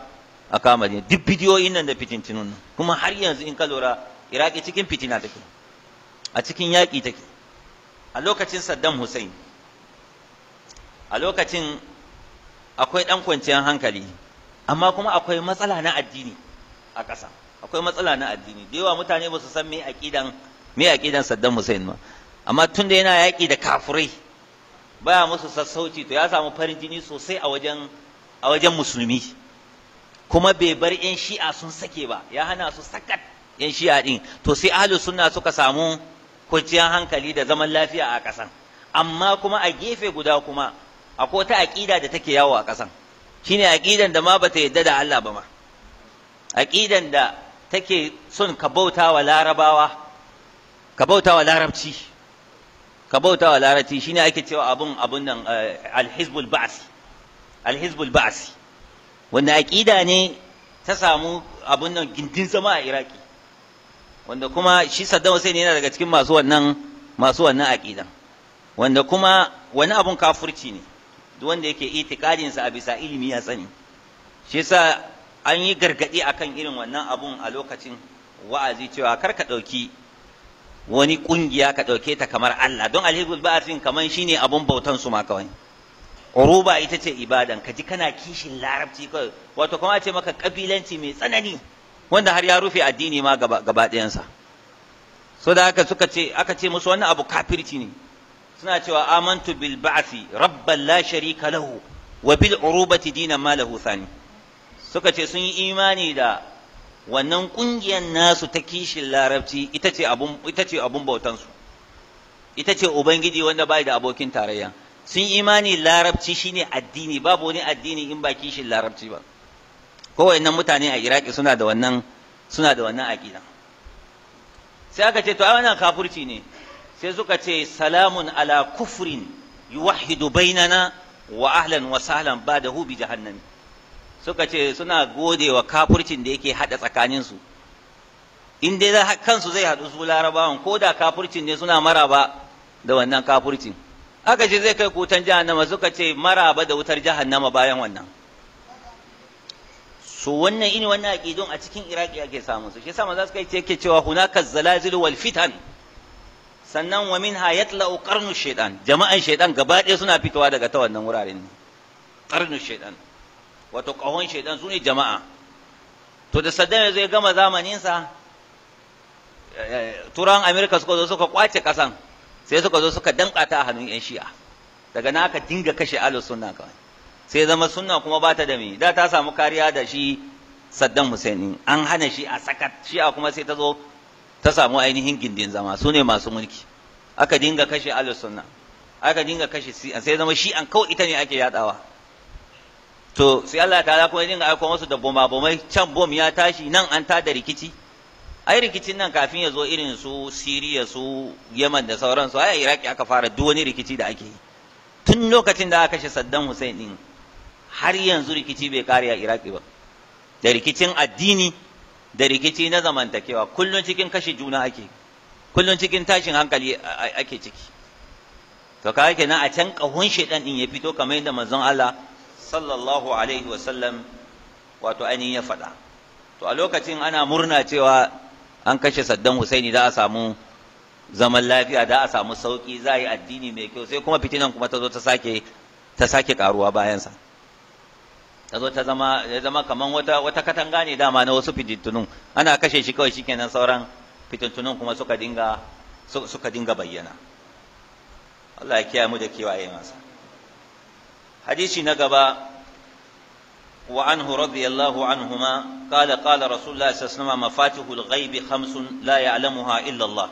a kawo madina duk bidiyoyin nan da fitintinun kuma har yanzu in ka lura iraki cikin fitina take a cikin yaƙi take a lokacin saddam hussein a lokacin akwai ɗan kwanciyar hankali amma kuma akwai matsala na addini a ƙasa akwai matsala na addini da yawa mutane ba su san me aƙidan me aƙidan saddam hussein ba amma tun da yana yaƙi da kafirai baya musu sassauci to ya samu farin jini sosai a wajen musulmi kuma bai bar yan shi'a sun sake ba ya hana su sakat yan shi'a din to sai ahlus sunna suka samu kwanciyar hankali da zaman lafiya a ƙasan amma kuma a gefe guda kuma akwai ta aƙida da take yawo a ƙasan shine aƙidan da ma bata yadda da Allah ba ma aƙidan da take son ka bauta wa larabawa ka bauta wa larabci ka bauta larabci shine ake cewa abun abun nan eh, alhizbul ba'si alhizbul ba'si aƙida ne ta samu abun nan gindin zama a iraki wanda kuma shi Saddam Hussein yana daga cikin masu wannan masu wannan aqidan wanda kuma wani abun kafirci ne duk wanda yake itikadin sa a bisa ilimi ya sani shi yasa an yi gargadi akan irin wannan abun a lokacin wa'azi cewa kar ka dauki wani kungiya ka dauke ta kamar Allah don alhibul ba'sin kaman shine abun bautan su ma kawai uruba ita ce ibadan Kaji kana kishin larabci kawai wato kuma ce maka kabilanci mai tsanani wanda har ya rufe addini ma gaba ɗayansa so da haka suka ce aka ce musu wannan abu kafirci ne suna cewa amantu bil baasi rabban la sharika lahu wa bil urubati dina ma lahu thani suka ce sun yi imani da wannan ƙungiyar nasu ta kishin larabci ita ce abun ita ita ce ubangiji wanda bai da abokin tarayya sun imani larabci shine addini babu wani addini in ba kishin larabci ba ko wayannan mutane a iraki suna da wannan suna da wannan aqida sai aka ce to ai wannan kafirci ne sai suka ce salamun ala kufrin yuwahidu bainana wa ahlan wa sahlan badahu bi jahannam suka ce suna gode wa kafircin da yake hada tsakanin su in dai kansu zai hadu su larabawan ko da kafircin ne suna maraba da wannan kafircin aka ce zai kai kutan jahannama suka ce maraba da wutar jahannama bayan wannan so wannan ini wannan aqidun a cikin iraki ake samun su shi yasa maza suka yake cewa hunaka zalazil wal fitan sannan wa minha yatla'u qarnu shaytan jama'an shaytan gaba ɗaya suna fitowa daga ta wannan wuraren ne qarnu shaytan wato ƙahon shaytan sune jama'a to da saddan zai gama zamanin sa eh, eh, turan America suka zo suka kwace kasan sai suka zo suka danka ta a hannun yan shi'a daga nan aka dinga kashe ahlus kawai sai zama sunna kuma ba ta da me da ta samu kariya da shi Saddam Hussein an hana shi a sakat shi a kuma sai ta zo ta samu ainihin gindin zama su ne masu mulki aka dinga kashe ahlus sunna aka dinga kashe sai zama shi an kawai ita ne ake yadawa to sai Allah ta'ala kuma dinga aiko musu da bomba bomai can bom ya tashi nan an ta da rikici ai rikicin nan kafin ya zo irin su Siriya su Yemen da sauransu ai Iraki aka fara duk wani rikici da ake yi tun lokacin da aka kashe Saddam Hussein din har yanzu rikici bai kare a iraki ba da rikicin addini da rikici na zamantakewa kullum cikin kashe juna ake kullum cikin tashin hankali ake ciki to kawai kenan a can kahun shaidan din ya fito kamar yadda manzon Allah sallallahu alaihi wa sallam wato ainihin ya faɗa to a lokacin ana murna cewa an kashe Saddan Husaini da a samu zaman lafiya da a samu sauki za a yi addini mai kyau sai kuma fitinan kuma ta zo ta sake ta sake karuwa bayansa tazo ta zama ya zama kaman wata wata katanga ne dama na wasu fitintunun ana kashe shi kawai shikenan sauran fitintunun kuma suka dinga suka dinga bayyana Allah ya kiyaye mu da kiwaye masa hadisi na gaba wa anhu radiyallahu anhuma qala qala rasulullah sallallahu alaihi wasallam mafatihul ghaibi khamsun la ya'lamuha illa Allah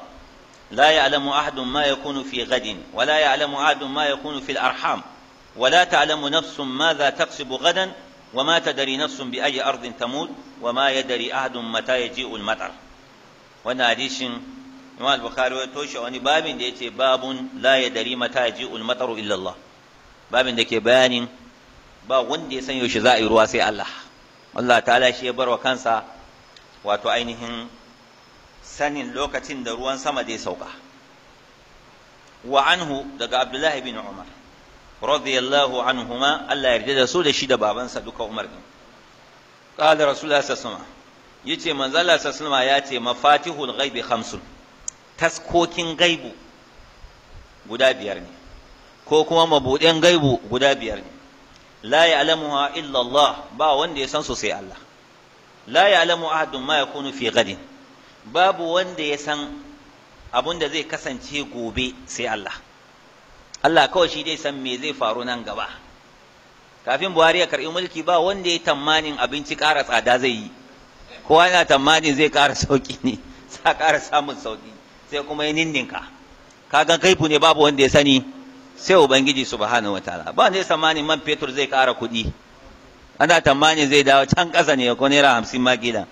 لا يعلم أحد ما يكون في غد ولا يعلم أحد ما يكون في الأرحام ولا تعلم نفس ماذا تكسب غدا وما تدري نفس بأي أرض تموت وما يدري أحد متى يجيء المطر وانا حديث إمام البخاري وتوشى واني باب ديتي باب لا يدري متى يجيء المطر إلا الله باب ديكي بيان ba wanda ya san yaushe za a yi ruwa sai Allah Allah ta'ala shi ya barwa kansa wato ainihin sanin lokacin da ruwan sama zai sauka wa anhu daga Abdullahi bin Umar radiyallahu anhuma Allah yarda da su da shi da babansa duka Umar din qala rasulullah sallallahu alaihi wasallam yace manzo Allah sallallahu alaihi wasallam yace mafatihul ghaibi khamsun taskokin gaibu guda biyar ne ko kuma mabuden gaibu guda biyar ne la ya'lamuha illa Allah ba wanda ya san su sai Allah la ya'lamu ahadun ma yakunu fi ghadin babu wanda ya san abun da zai kasance gobe sai Allah Allah kawai shi dai san me zai faru nan gaba kafin Buhari ya karɓi mulki ba wanda ya tamanin abinci ƙara tsada zai yi kowa yana tamanin zai ƙara sauƙi ne sa *laughs* ƙara samun sauƙi sai kuma ya ninninka ga kaifu ne babu wanda ya sani sai ubangiji subhanahu wataala ba wanda ya tamanin man fetur zai ƙara kuɗi ana tamanin zai dawo can ƙasa ne ko naira hamsin ma gidan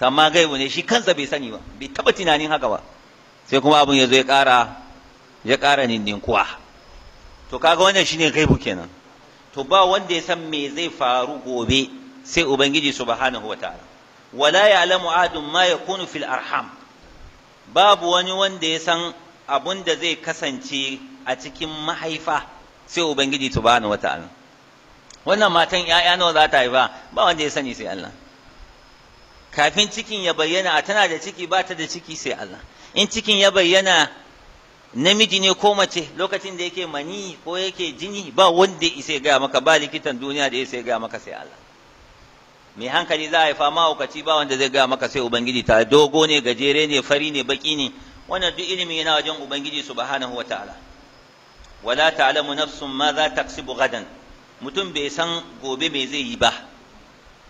tamma gaibu ne shi kansa bai sani ba bai taɓa tunanin haka ba sai kuma abin ya zo ya ƙara ya ƙara ninninkuwa to kaga wannan shine gaibu kenan to ba wanda ya san me zai faru gobe sai ubangiji subhanahu wataala wala ya'lamu ahadun ma yakunu fil arham babu wani wanda ya san abun da zai kasance a cikin mahaifa sai ubangiji subhanahu wataala wannan matan ‘ya'ya nawa za ta haifa ba wanda ya sani sai Allah kafin cikin ya bayyana tana da ciki ba ta da ciki sai Allah in cikin ya bayyana namiji ne ko mace lokacin da yake mani ko yake jini ba wanda isa gaya maka ba likitan duniya da isa gaya maka sai Allah mai hankali za a haifa mahaukaci ba wanda zai gaya maka sai ubangiji ta dogo ne gajere ne fari ne baki ne wannan duk ilimi yana wajen ubangiji subhanahu wataala wala ta'lamu nafsun ma za taksibu gadan mutum bai san gobe me zai yi ba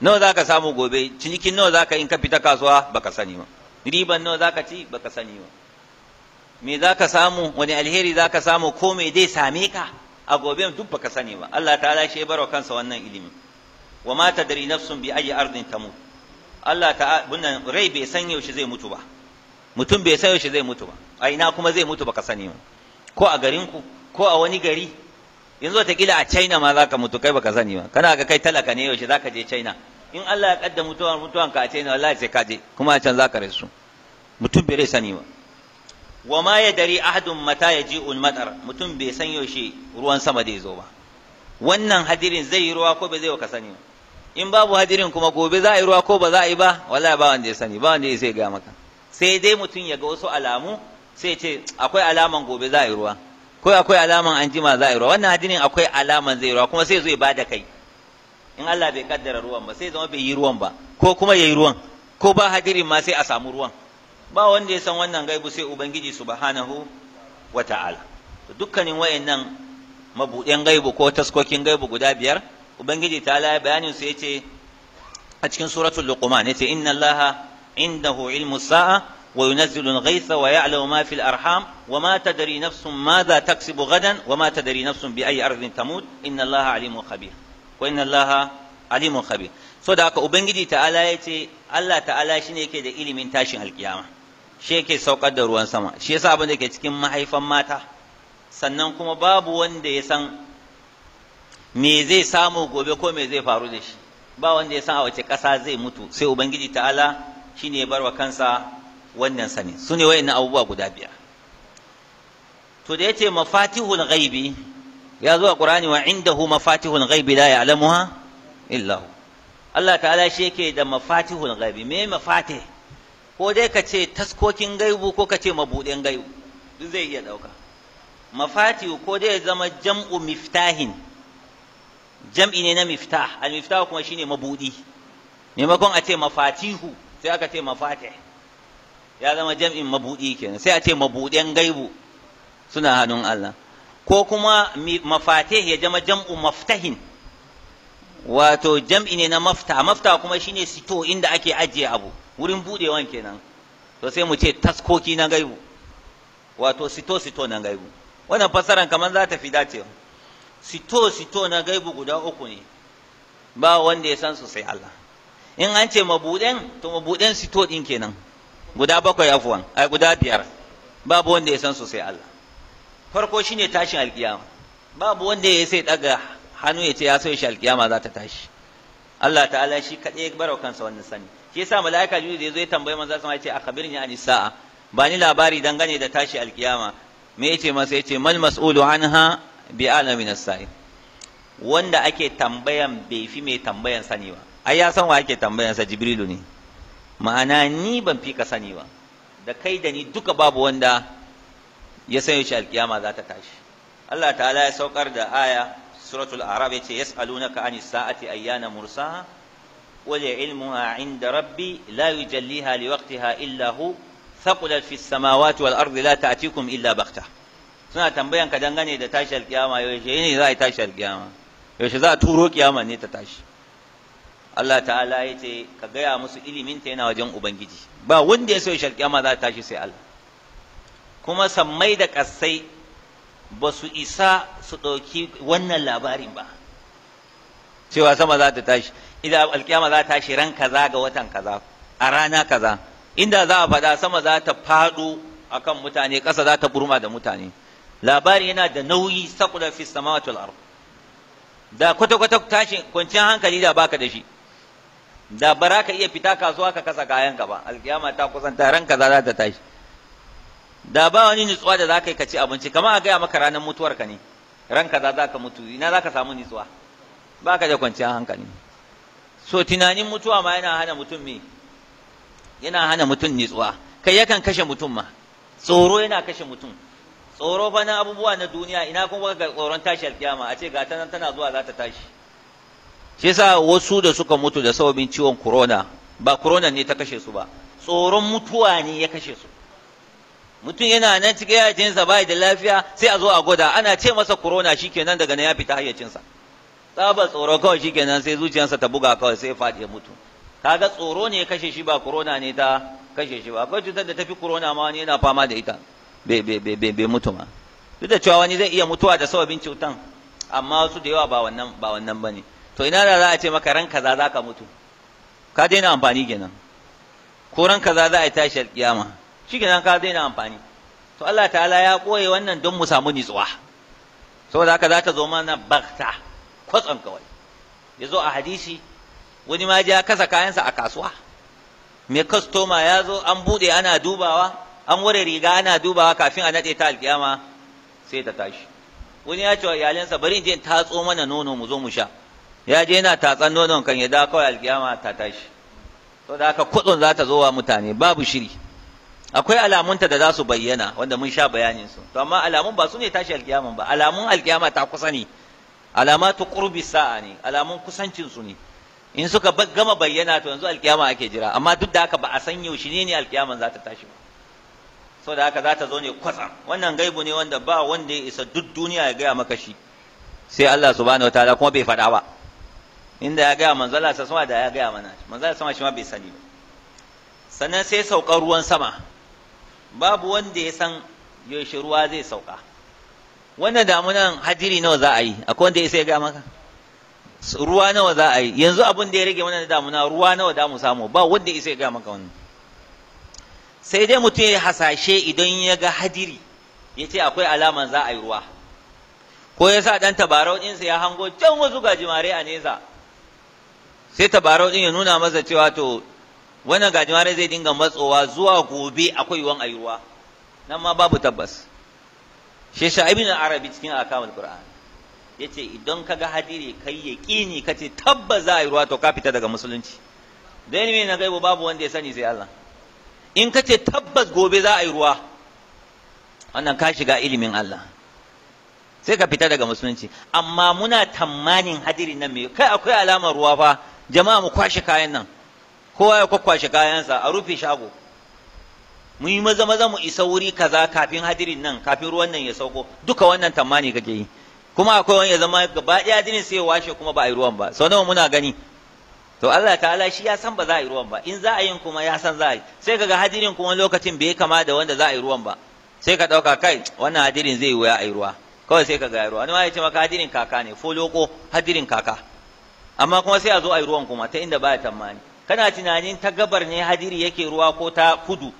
nawa za ka samu gobe cinikin nawa za ka in ka fita kasuwa baka sani ba riban nawa za ka ci baka sani ba me za ka samu wani alheri za ka samu ko me dai same ka a gobe duk baka sani ba Allah ta'ala shi ya barwa kansa wannan ilimi wa ma tadri nafsun bi ayi ardin tamu Allah ta bunnan rai bai san yaushe zai mutu ba mutum bai san yaushe zai mutu ba a ina kuma zai mutu baka sani ba ko a garin ku ko a wani gari yanzu ta kila a China ma za ka mutu kai baka sani ba kana ga kai talaka ne yaushe za ka je China in Allah ya kadda mutuwan mutuwan ka a China wallahi sai ka je kuma a can za ka rasu mutum bai sani ba wa ma ya dari ahadun mata ya ji ulmatar mutum bai san yaushe ruwan sama zai zo ba wannan hadirin zai yi ruwa ko bai zai wa ka sani in babu hadirin kuma gobe za a yi ruwa ko ba za a yi ba wallahi ba wanda ya sani ba wanda ya sai ga maka sai dai mutum ya ga wasu alamu sai ce akwai alaman gobe za a yi ruwa ko akwai alaman an jima za a yi ruwa wannan hadirin akwai alaman zai ruwa kuma sai zo ya bada kai in Allah bai kaddara ruwan ba sai zama bai yi ruwan ba ko kuma yayi ruwan ko ba hadirin ma sai a samu ruwan ba wanda ya san wannan gaibu sai ubangiji subhanahu wata'ala to dukkanin wayannan mabuɗen gaibu ko taskokin gaibu guda biyar ubangiji ta ya bayanin su yace a cikin suratul luqman yace inna allaha indahu ilmu sa'a ma وينزل الغيث ويعلم ما في الأرحام وما تدري نفس ماذا تكسب غدا وما تدري نفس بأي أرض تموت إن الله عليم خبير وإن الله عليم خبير so da haka ubangiji ta'ala ya ce Allah ta'ala shi ne yake da ilimin tashin alkiyama shi yake saukar da ruwan sama shi yasa abin da ke cikin mahaifan mata sannan kuma babu wanda ya san me zai samu gobe ko me zai faru da shi ba wanda ya san a wace ƙasa zai mutu sai ubangiji ta'ala shine ya barwa kansa wannan sani su ne wayannan abubuwa guda biyar to da yace mafatihul ghaibi ya zo a qur'ani wa indahu mafatihul ghaibi la ya'lamuha illa Allah ta'ala shi yake da mafatihul ghaibi me mafatih ko dai ka ce taskokin gaibu ko ka ce mabuɗin gaibu duk zai iya ɗauka mafatihu ko dai zama jam'u miftahin jam'i ne na miftah al miftah kuma shine mabudi maimakon a ce mafatihu sai aka ce mafati ya zama jam'in mabudi kenan sai a ce mabuɗin gaibu suna hannun Allah ko kuma mafatih ya zama jam'u maftahin wato jam'i ne na mafta mafta kuma shine sito inda ake ajiye abu wurin budewan kenan to sai mu ce taskoki na gaibu wato sito sito na gaibu wannan fasaran kamar za ta fi dacewa sito sito na gaibu guda uku ne ba wanda ya san su sai Allah in an ce mabuden to mabuden sito din kenan guda bakwai afwan ai guda biyar babu wanda ya san su sai Allah farko shine tashin alkiyama babu wanda ya sai daga hannu ya ce ya sai shi alkiyama za ta tashi Allah ta'ala shi kaɗai ya barau kansa wannan sani shi yasa malaika jibril da yazo ya tambaye manzo sallallahu alaihi wasallam ya ce akhbirni an sa'a ba ni labari dangane da tashi alkiyama me yace masa yace mal mas'ulu anha bi alamin as-sa'il wanda ake tambayan bai fi mai tambayan sani ba ai ya san wa ake tambayan sa jibrilu ne ma'ana ni ban fi ka sani ba da kai da ni duka babu wanda ya san yaushe alkiyama za ta tashi Allah ta'ala ya saukar da aya suratul arab yace yas'alunaka anis sa'ati ayyana mursaha ولعلمها عند ربي لا يجليها لوقتها إلا هو ثقلت في السماوات والأرض لا تأتيكم إلا بغتة suna tambayan ka dangane da tashar kiyama yaushe ne za a yi tashar kiyama yaushe za a turo kiyama ne ta tashi Allah ta'ala ya ce ka gaya musu ilimin ta yana wajen ubangiji ba wanda ya so yaushe kiyama za ta tashi sai Allah kuma sammai da kassai ba su isa su ɗauki wannan labarin ba cewa sama za ta tashi idan alkiyama za ta shi ran kaza ga watan kaza a rana kaza inda za a faɗa sama za ta faɗo akan mutane ƙasa za ta burma da mutane labari yana da nauyi sakuda fi samawati wal ard da kwata kwata tashi kwanciyar hankali da baka da shi da bara ka iya fita kasuwa ka kasa kayan ka ba alkiyama ta kusanta ran kaza za ta tashi da ba wani nutsuwa da ka yi ka ci abinci kamar a gaya maka ranar mutuwar ka ne ran kaza za ka mutu ina za ka samu nutsuwa baka da kwanciyar hankali so tunanin mutuwa ma yana hana mutum me yana hana mutum nitsuwa kai yakan kashe mutum ma tsoro yana kashe mutum tsoro fa na abubuwa na duniya ina kuma ga tsoron tashi alkiyama a ce ga ta nan tana zuwa za ta tashi shi yasa wasu da suka mutu da sababin ciwon corona ba corona ne ta kashe su ba tsoron mutuwa ne ya kashe su mutum yana nan cikin yacinsa bai da lafiya sai a zo a gwada ana ce masa corona shikenan daga nan ya fita hayyacinsa tsabar tsoro kawai shikenan sai zuciyarsa ta buga kawai sai faɗi ya mutu kaga tsoro ne kashe shi ba corona ne ta kashe shi ba akwai cutar da tafi corona ma wani yana fama da ita bai mutu ma duk da cewa wani zai iya mutuwa da sababin cutan amma wasu da yawa ba wannan ba wannan bane to ina da za a ce maka ran kaza za ka mutu ka daina amfani kenan ko ran kaza za a yi tashi alkiyama shikenan ka daina amfani to Allah ta'ala ya koye wannan don mu samu nitsuwa saboda haka za ta zo mana bakta kwatsam kawai ya zo a hadisi wani ma ya kasa kayansa a kasuwa Me kastoma ya zo an buɗe ana dubawa an ware riga ana dubawa kafin a naɗe ta alƙiyama sai ta tashi wani ya ce wa iyalinsa bari in je tso mana nono mu zo mu sha ya je yana tatsan nonon kan ya dawo kawai alƙiyama ta tashi to da haka kudin za ta zo wa mutane babu shiri akwai alamunta da za su bayyana wanda mun sha bayanin su to amma alamun ba su ne tashi alƙiyaman ba alamun alƙiyama ta kusa ne alamatu qurbi sa'a ne alamun kusancin su ne in suka gama bayyana to yanzu alkiyama ake jira amma duk da haka ba a san yaushe ne ne alkiyaman za ta tashi ba saboda haka za ta zo ne kwatsam wannan gaibu ne wanda ba wanda ya isa duk duniya ya gaya maka shi sai Allah subhanahu wataala kuma bai faɗa ba inda ya gaya manzala sa sama da ya gaya mana manzala sama shi ma bai sani ba sannan sai saukar ruwan sama babu wanda ya san yaushe ruwa zai sauka wannan damunan hadiri nawa za a yi akwai wanda ya sai ga maka ruwa nawa za a yi yanzu abin da ya rage wannan damuna ruwa nawa da mu samu ba wanda ya sai ga maka wannan sai dai mutum ya hasashe idan ya ga hadiri ya ce akwai alaman za a yi ruwa ko ya sa ɗan tabarau ɗinsa ya hango can wasu gajimare a nesa sai tabarau ɗin ya nuna masa cewa to wannan gajimare zai dinga matsowa zuwa gobe akwai yiwuwan a yi ruwa nan ma babu tabbas shi yasa ibn arabi cikin akamul qur'an yace idan kaga hadiri kai yaqini kace tabba za a yi ruwa to ka fita daga musulunci dan me na gaibu babu wanda ya sani sai Allah in kace tabbas gobe za a yi ruwa wannan ka shiga ilimin Allah sai ka fita daga musulunci amma muna tamanin hadiri nan mai kai akwai alamar ruwa fa jama'a mu kwashe kayan nan kowa ya kwakwashe kayansa a rufe shago mu yi maza maza mu isa wuri kaza kafin hadirin nan kafin ruwan nan ya sauko duka wannan tamani kake yi kuma akwai wani ya zama gaba ɗaya hadirin sai ya washe kuma ba a yi ruwan ba sau nawa muna gani to Allah ta'ala shi ya san ba za a yi ruwan ba in za a yin kuma ya san za a yi sai kaga hadirin kuma lokacin bai kama da wanda za a yi ruwan ba sai ka ɗauka kai wannan hadirin zai wuya a yi ruwa kawai sai ka ga ruwa wani ma ya ce maka hadirin kaka ne loko hadirin kaka amma kuma sai a zo a yi ruwan kuma ta inda ya tamani kana tunanin ta gabar ne hadiri yake ruwa ko ta kudu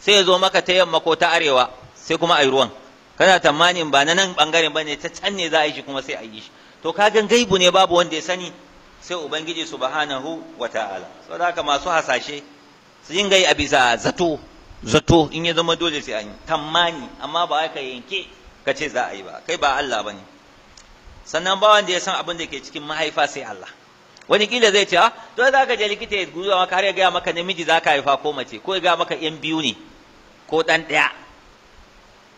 sai ya zo maka ta yamma ko ta arewa sai kuma a yi ruwan kana tamanin ba na nan bangaren ba ne ta can ne za a yi shi kuma sai a yi shi to ka gan gaibu ne babu wanda ya sani sai ubangiji subhanahu wa ta'ala da haka masu hasashe su yin gai a bisa zato zato in ya zama dole sai an yi tammani amma ba aka yanke ka ce za a yi ba kai ba Allah bane sannan ba wanda ya san abin da ke cikin mahaifa sai Allah wani kila zai ce ah, to za ka je likita ya guzo maka har ya gaya maka namiji za ka haifa ko mace ko ya gaya maka yan biyu ne ko ɗan ɗaya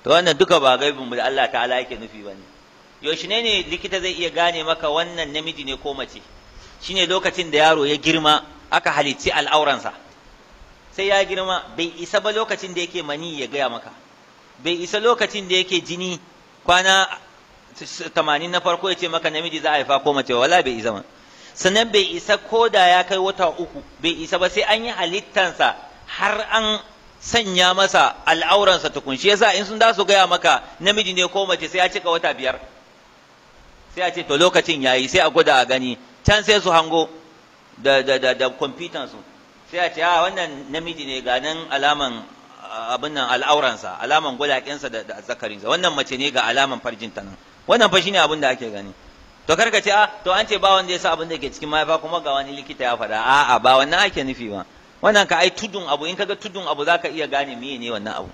to wannan duka ba gaibin da Allah ta'ala yake nufi ba ne yaushe ne ne likita zai iya gane maka wannan namiji ne ko mace shine lokacin da yaro ya girma aka halicci al'auransa sai ya girma bai isa ba lokacin da yake mani ya gaya maka bai isa lokacin da yake jini kwana tamanin na farko ya ce maka namiji za a haifa ko mace wala bai isa ba sannan bai isa ko da ya kai wata uku bai isa ba sai an yi halittansa har an sanya masa al'auransa tukun shi yasa in sun da su gaya maka namiji ne ko mace sai ya cika wata biyar sai a ce to lokacin ya yi sai a gwada a gani can sai su hango da da da da su sai a ce a ah, wannan namiji ne ga nan alaman abin nan al'auransa alaman gwalaƙensa da zakarinsa wannan mace ne ga alaman farjinta nan wannan fa shine abin da ake gani to karka ce a ah, to an ce ba wanda ya sa abin da ke cikin mahaifa kuma ga wani likita ya faɗa a ba wannan ake nufi ba wannan ka ai tudun abu in kaga tudun abu zaka iya gane meye ne wannan abu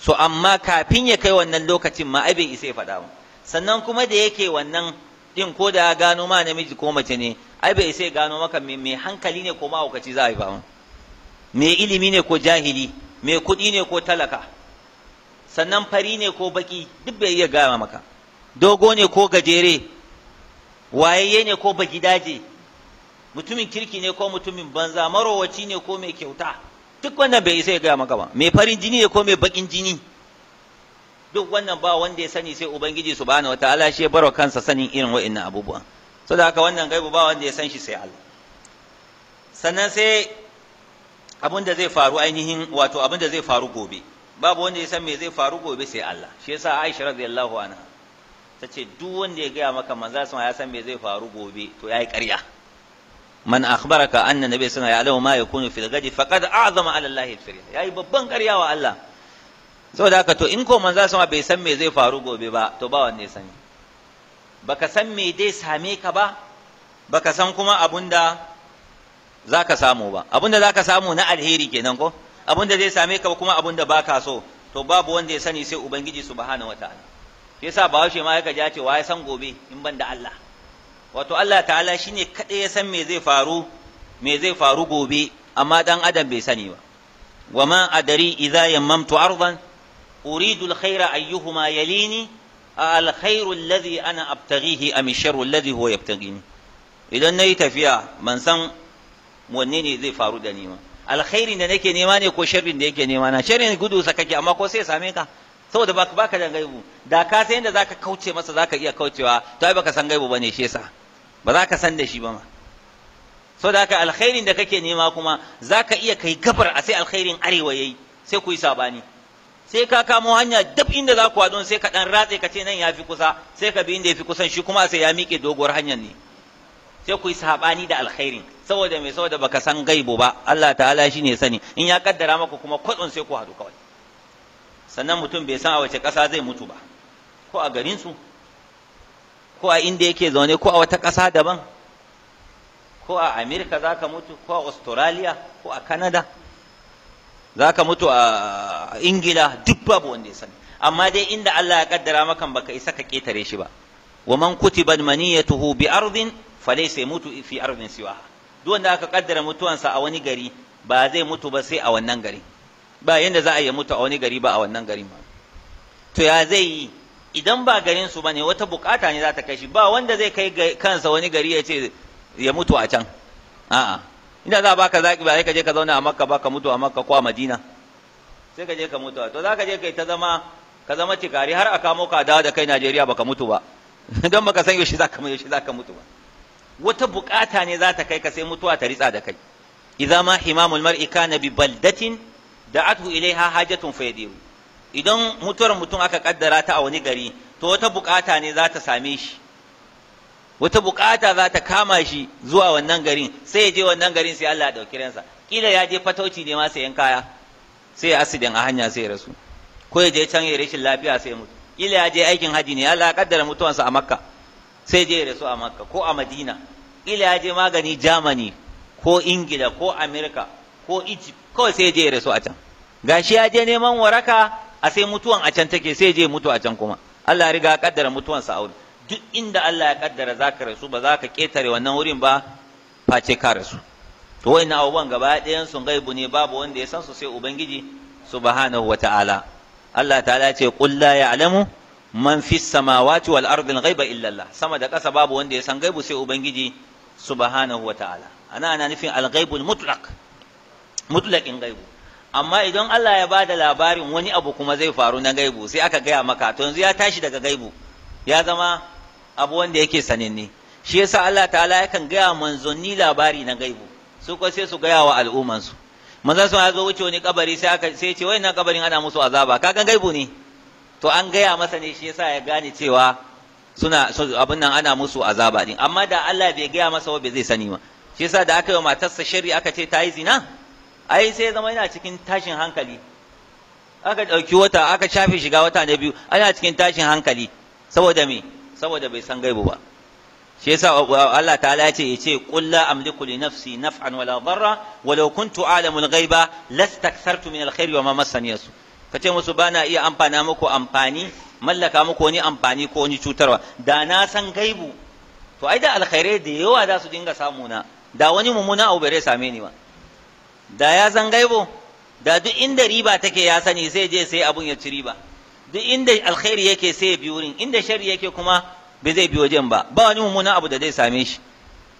so amma kafin ya kai wannan lokacin ma ai bai isa ya faɗa sannan kuma da yake wannan din ko da ya gano ma namiji ko mace ne ai bai isa ya gano maka me me hankali ne ko mahaukaci za a yi ba me ilimi ne ko jahili me kuɗi ne ko talaka sannan fari ne ko baki duk bai iya gaya maka dogo ne ko gajere wayayye ne ko ba gidaje? mutumin kirki ne ko mutumin banza marowaci ne ko mai kyauta duk wannan bai isa ya gaya maka ba mai farin jini ne ko mai bakin jini duk wannan ba wanda ya sani sai ubangiji subhanahu wataala shi ya baro kansa sanin irin wa'annan abubuwan saboda haka wannan gaibu ba wanda ya san shi sai Allah sannan sai abin da zai faru ainihin wato abin da zai faru gobe babu wanda ya san me zai faru gobe sai Allah shi yasa Aisha radiyallahu anha ta ce duk wanda ya gaya maka manza sama ya san me zai faru gobe to yayi ƙarya man akhbaraka anna nabiy sallallahu alaihi wasallam ma yakunu fil ghadi faqad a'zama ala allah al yayi babban ƙarya wa Allah saboda haka to in ko manza sama bai san me zai faru gobe ba to ba wanne sani baka san me dai same ka ba baka san kuma abunda zaka samu ba abunda zaka samu na alheri kenan ko abunda zai same ka kuma abunda baka so to babu wanda ya sani sai ubangiji subhanahu wataala shi yasa ba haushe ma ya ja ce waye san gobe in ban da Allah wato Allah ta'ala shine kadai ya san me zai faru me zai faru gobe amma dan adam bai sani ba ma adari idza yammamtu ardan uridu alkhaira ayyuhuma yalini alkhairu alladhi ana abtaghihi am sharru alladhi huwa yabtaghini idan nayi tafiya ban san wanne ne zai faru da ni ma alkhairin da nake nema ne ko sharrin da yake nema na sharrin gudu sakake amma ko sai same ka saboda baka baka da gaibu da ka san yadda zaka kauce masa zaka iya kaucewa to ai baka san gaibu bane shi yasa ba za ka san da shi ba ma saboda haka alkhairin da kake nema kuma zaka iya kai gabar a sai alkhairin arewa yayi sai ku yi sabani sai ka kamo hanya duk inda za ku haɗu sai ka dan ratse ka ce nan ya fi kusa sai ka bi inda ya fi kusan shi kuma sai ya miƙe doguwar hanyar ne sai ku yi saɓani da alkhairin saboda mai saboda baka san gaibo ba Allah ta'ala shi ne sani in ya kaddara maka kuma kwatsun sai ku hadu kawai sannan mutum bai san a wace ƙasa zai mutu ba ko a garinsu ko a inda yake zaune ko a wata ƙasa daban ko a amerika za ka mutu ko a australia ko a canada za ka mutu a ingila duk babu wanda ya sani amma dai inda allah ya kaddara makan baka isa ka ketare shi ba wa man kutiban maniyatuhu bi ardin falaysa mutu fi ardin siwa duk wanda aka kaddara mutuwansa a wani gari ba zai mutu ba sai a wannan garin ba yanda za a yi mutu a wani gari ba a wannan garin ba to ya zai yi idan ba garin su bane wata bukata ne za ta kai shi ba wanda zai kai kansa wani gari ya ce ya mutu a can a'a inda za a baka zaki ba sai ka je ka zauna a makka ba ka mutu a makka ko a madina sai ka je ka mutu to za ka je kai ta zama ka zama cikari har a kamo ka dawo da kai najeriya ba ka mutu ba *laughs* don baka san yaushe za ka yaushe za ka mutu ba wata bukata ne za ta kai ka sai mutuwa ta ritsa da kai idza ma himamul mar'i kana bi baldatin da'athu ilaiha hajatun fayadiru idan mutuwar mutum aka kaddara ta a wani gari to wata bukata ne za ta same shi wata bukata za ta kama shi zuwa wannan garin sai ya je wannan garin sai Allah ya dauki ransa kila ya je fatauci ne ma yan kaya sai ya asidin a hanya sai ya rasu ko ya je can ya rashin lafiya sai ya mutu kila ya je aikin haji ne Allah ya kaddara mutuwansa a Makka sai je ya rasu a Makka ko a Madina kila ya je magani Germany ko Ingila ko America ko Egypt kawai sai je ya rasu a can gashi ya je neman waraka a sai mutuwan a can take sai je mutu a can kuma Allah ya riga ya kaddara mutuwan sa aure duk inda Allah ya kaddara zaka rasu ba zaka ketare wannan wurin ba face ka rasu to wayannan abubuwan gaba ɗayan sun gaibu ne babu wanda ya san su sai ubangiji subhanahu wata'ala Allah ta'ala ce qul la ya'lamu man fi samawati wal ardi al ghaiba illa Allah sama da ƙasa babu wanda ya san gaibu sai ubangiji subhanahu wata'ala ana ana nufin al ghaibul mutlaq mutlaqin gaibu amma idan Allah ya bada labarin wani abu kuma zai faru na gaibu sai aka gaya maka to yanzu ya tashi daga gaibu ya zama abu wanda yake sananne shi yasa Allah ta'ala yakan gaya manzonni labari na gaibu su ko sai su gaya wa al'umman su manzon ya zo wuce wani kabari sai aka sai ce kabarin ana musu azaba kaga gaibu ne to an gaya masa ne shi yasa ya gane cewa suna abin nan ana musu azaba din amma da Allah bai gaya masa ba bai zai sani ba shi yasa da aka yi matarsa shirri aka ce ta yi zina ai sai zama yana cikin tashin hankali aka ɗauki wata aka shafe shiga wata na biyu ana cikin tashin hankali saboda me saboda bai san gaibu ba shi yasa Allah ta'ala ce yace qul la amliku li nafsi naf'an wala dharra walau kuntu a'lamu al-ghaiba lastakthartu min al-khair wa ma massani yasu kace musu bana iya amfana muku amfani mallaka muku wani amfani ko wani cutarwa da na san gaibu to ai da alkhairai da yawa za su dinga na, da wani mummuna abu bai same ni ba da ya san gaibo da duk inda riba take ya sani sai je sai abun ya ci riba duk inda alkhairi yake sai ya biyo rin inda shari yake kuma bai zai biyo jin ba ba wani mummunan abu da zai same shi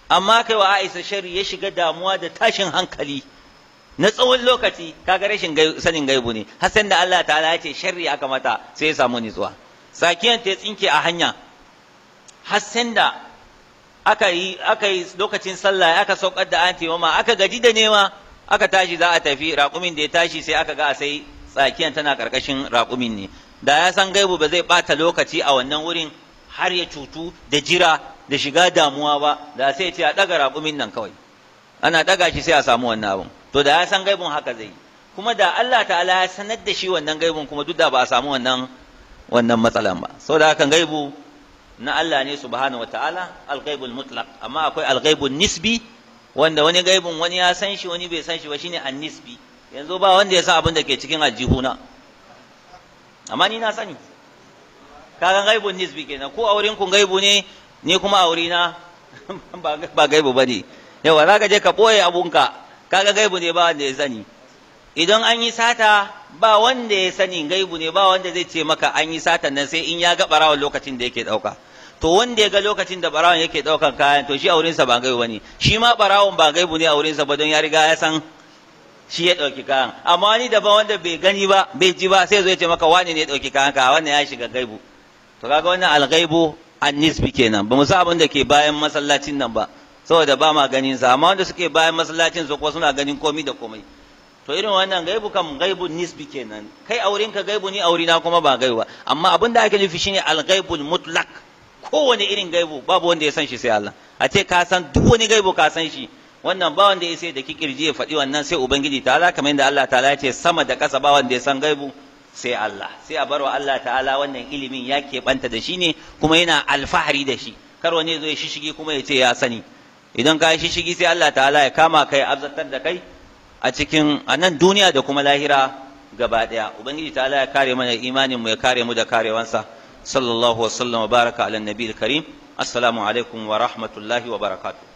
amma kai wa Aisha shari ya shiga damuwa da tashin hankali na tsawon lokaci kaga rashin sanin gaibu ne har sai da Allah ta'ala ya ce sharri aka mata sai ya samu nutsuwa sakiyan ta tsinke a hanya har sai da aka yi aka yi lokacin sallah aka saukar da anti mama aka gaji da nema aka tashi za a tafi raƙumin da ya tashi sai aka ga sai tsakiyan tana ƙarƙashin raƙumin ne da ya san gaibu ba zai ɓata lokaci a wannan wurin har ya cutu da jira da shiga damuwa ba da sai ce a ɗaga raƙumin nan kawai ana ɗaga shi sai a samu wannan abun to da ya san gaibun haka zai yi kuma da Allah ta'ala ya sanar da shi wannan gaibun kuma duk da ba a samu wannan wannan matsalan ba saboda haka gaibu na Allah ne subhanahu wataala al-ghaibul mutlaq amma akwai al-ghaibun nisbi wanda wani gaibin wani ya san shi wani bai san shi ba shine annisbi yanzu ba wanda ya san abin da ke cikin aljihuna amma ni na sani kaga gaibun nisbi kenan ko auren ku gaibu ne ni kuma aure na *laughs* ba gaibu bane yawa zaka je ka boye abunka kaga gaibu ne ba wanda ya sani idan an yi sata ba wanda ya sani gaibu ne ba wanda zai ce maka an yi satan nan sai in ya ga lokacin da yake dauka to wanda ya ga lokacin da barawon yake daukan kayan to shi a wurinsa ba gaibu wani, shi ma barawon ba gaibu ne a wurinsa ba don ya riga ya san shi ya dauki kayan amma wani daban wanda bai gani ba bai ji ba sai zo ya ce maka wani ne ya dauki kayan ka wannan ya shiga gaibu to kaga wannan alghaibu nisbi kenan ba mu san abin da ke bayan masallacin nan ba saboda ba ma ganin sa amma wanda suke bayan masallacin su ko suna ganin komai da komai to irin wannan gaibu kam gaibu nisbi kenan kai aurinka gaibu ni aurina kuma ba gaibu amma abin da ake nufi shine alghaibul mutlaq kowane irin gaibu babu wanda ya san shi sai Allah a ce ka san duk wani gaibu ka san shi wannan ba wanda ya sai da kikirji ya faɗi wannan sai ubangiji ala kamar yadda Allah ta'ala ya ce sama da ƙasa ba wanda ya san gaibu sai Allah sai a bar wa Allah ta'ala wannan ilimin ya banta da shi ne kuma yana alfahari da shi kar wani zo ya shishigi kuma ya ce ya sani idan ka shishigi sai Allah ta'ala ya kama kai abzatar da kai a cikin a nan duniya da kuma lahira gaba ɗaya ubangiji ta'ala ya kare mana imanin mu ya kare mu da karewansa صلى الله وسلم وبارك على النبي الكريم السلام عليكم ورحمة الله وبركاته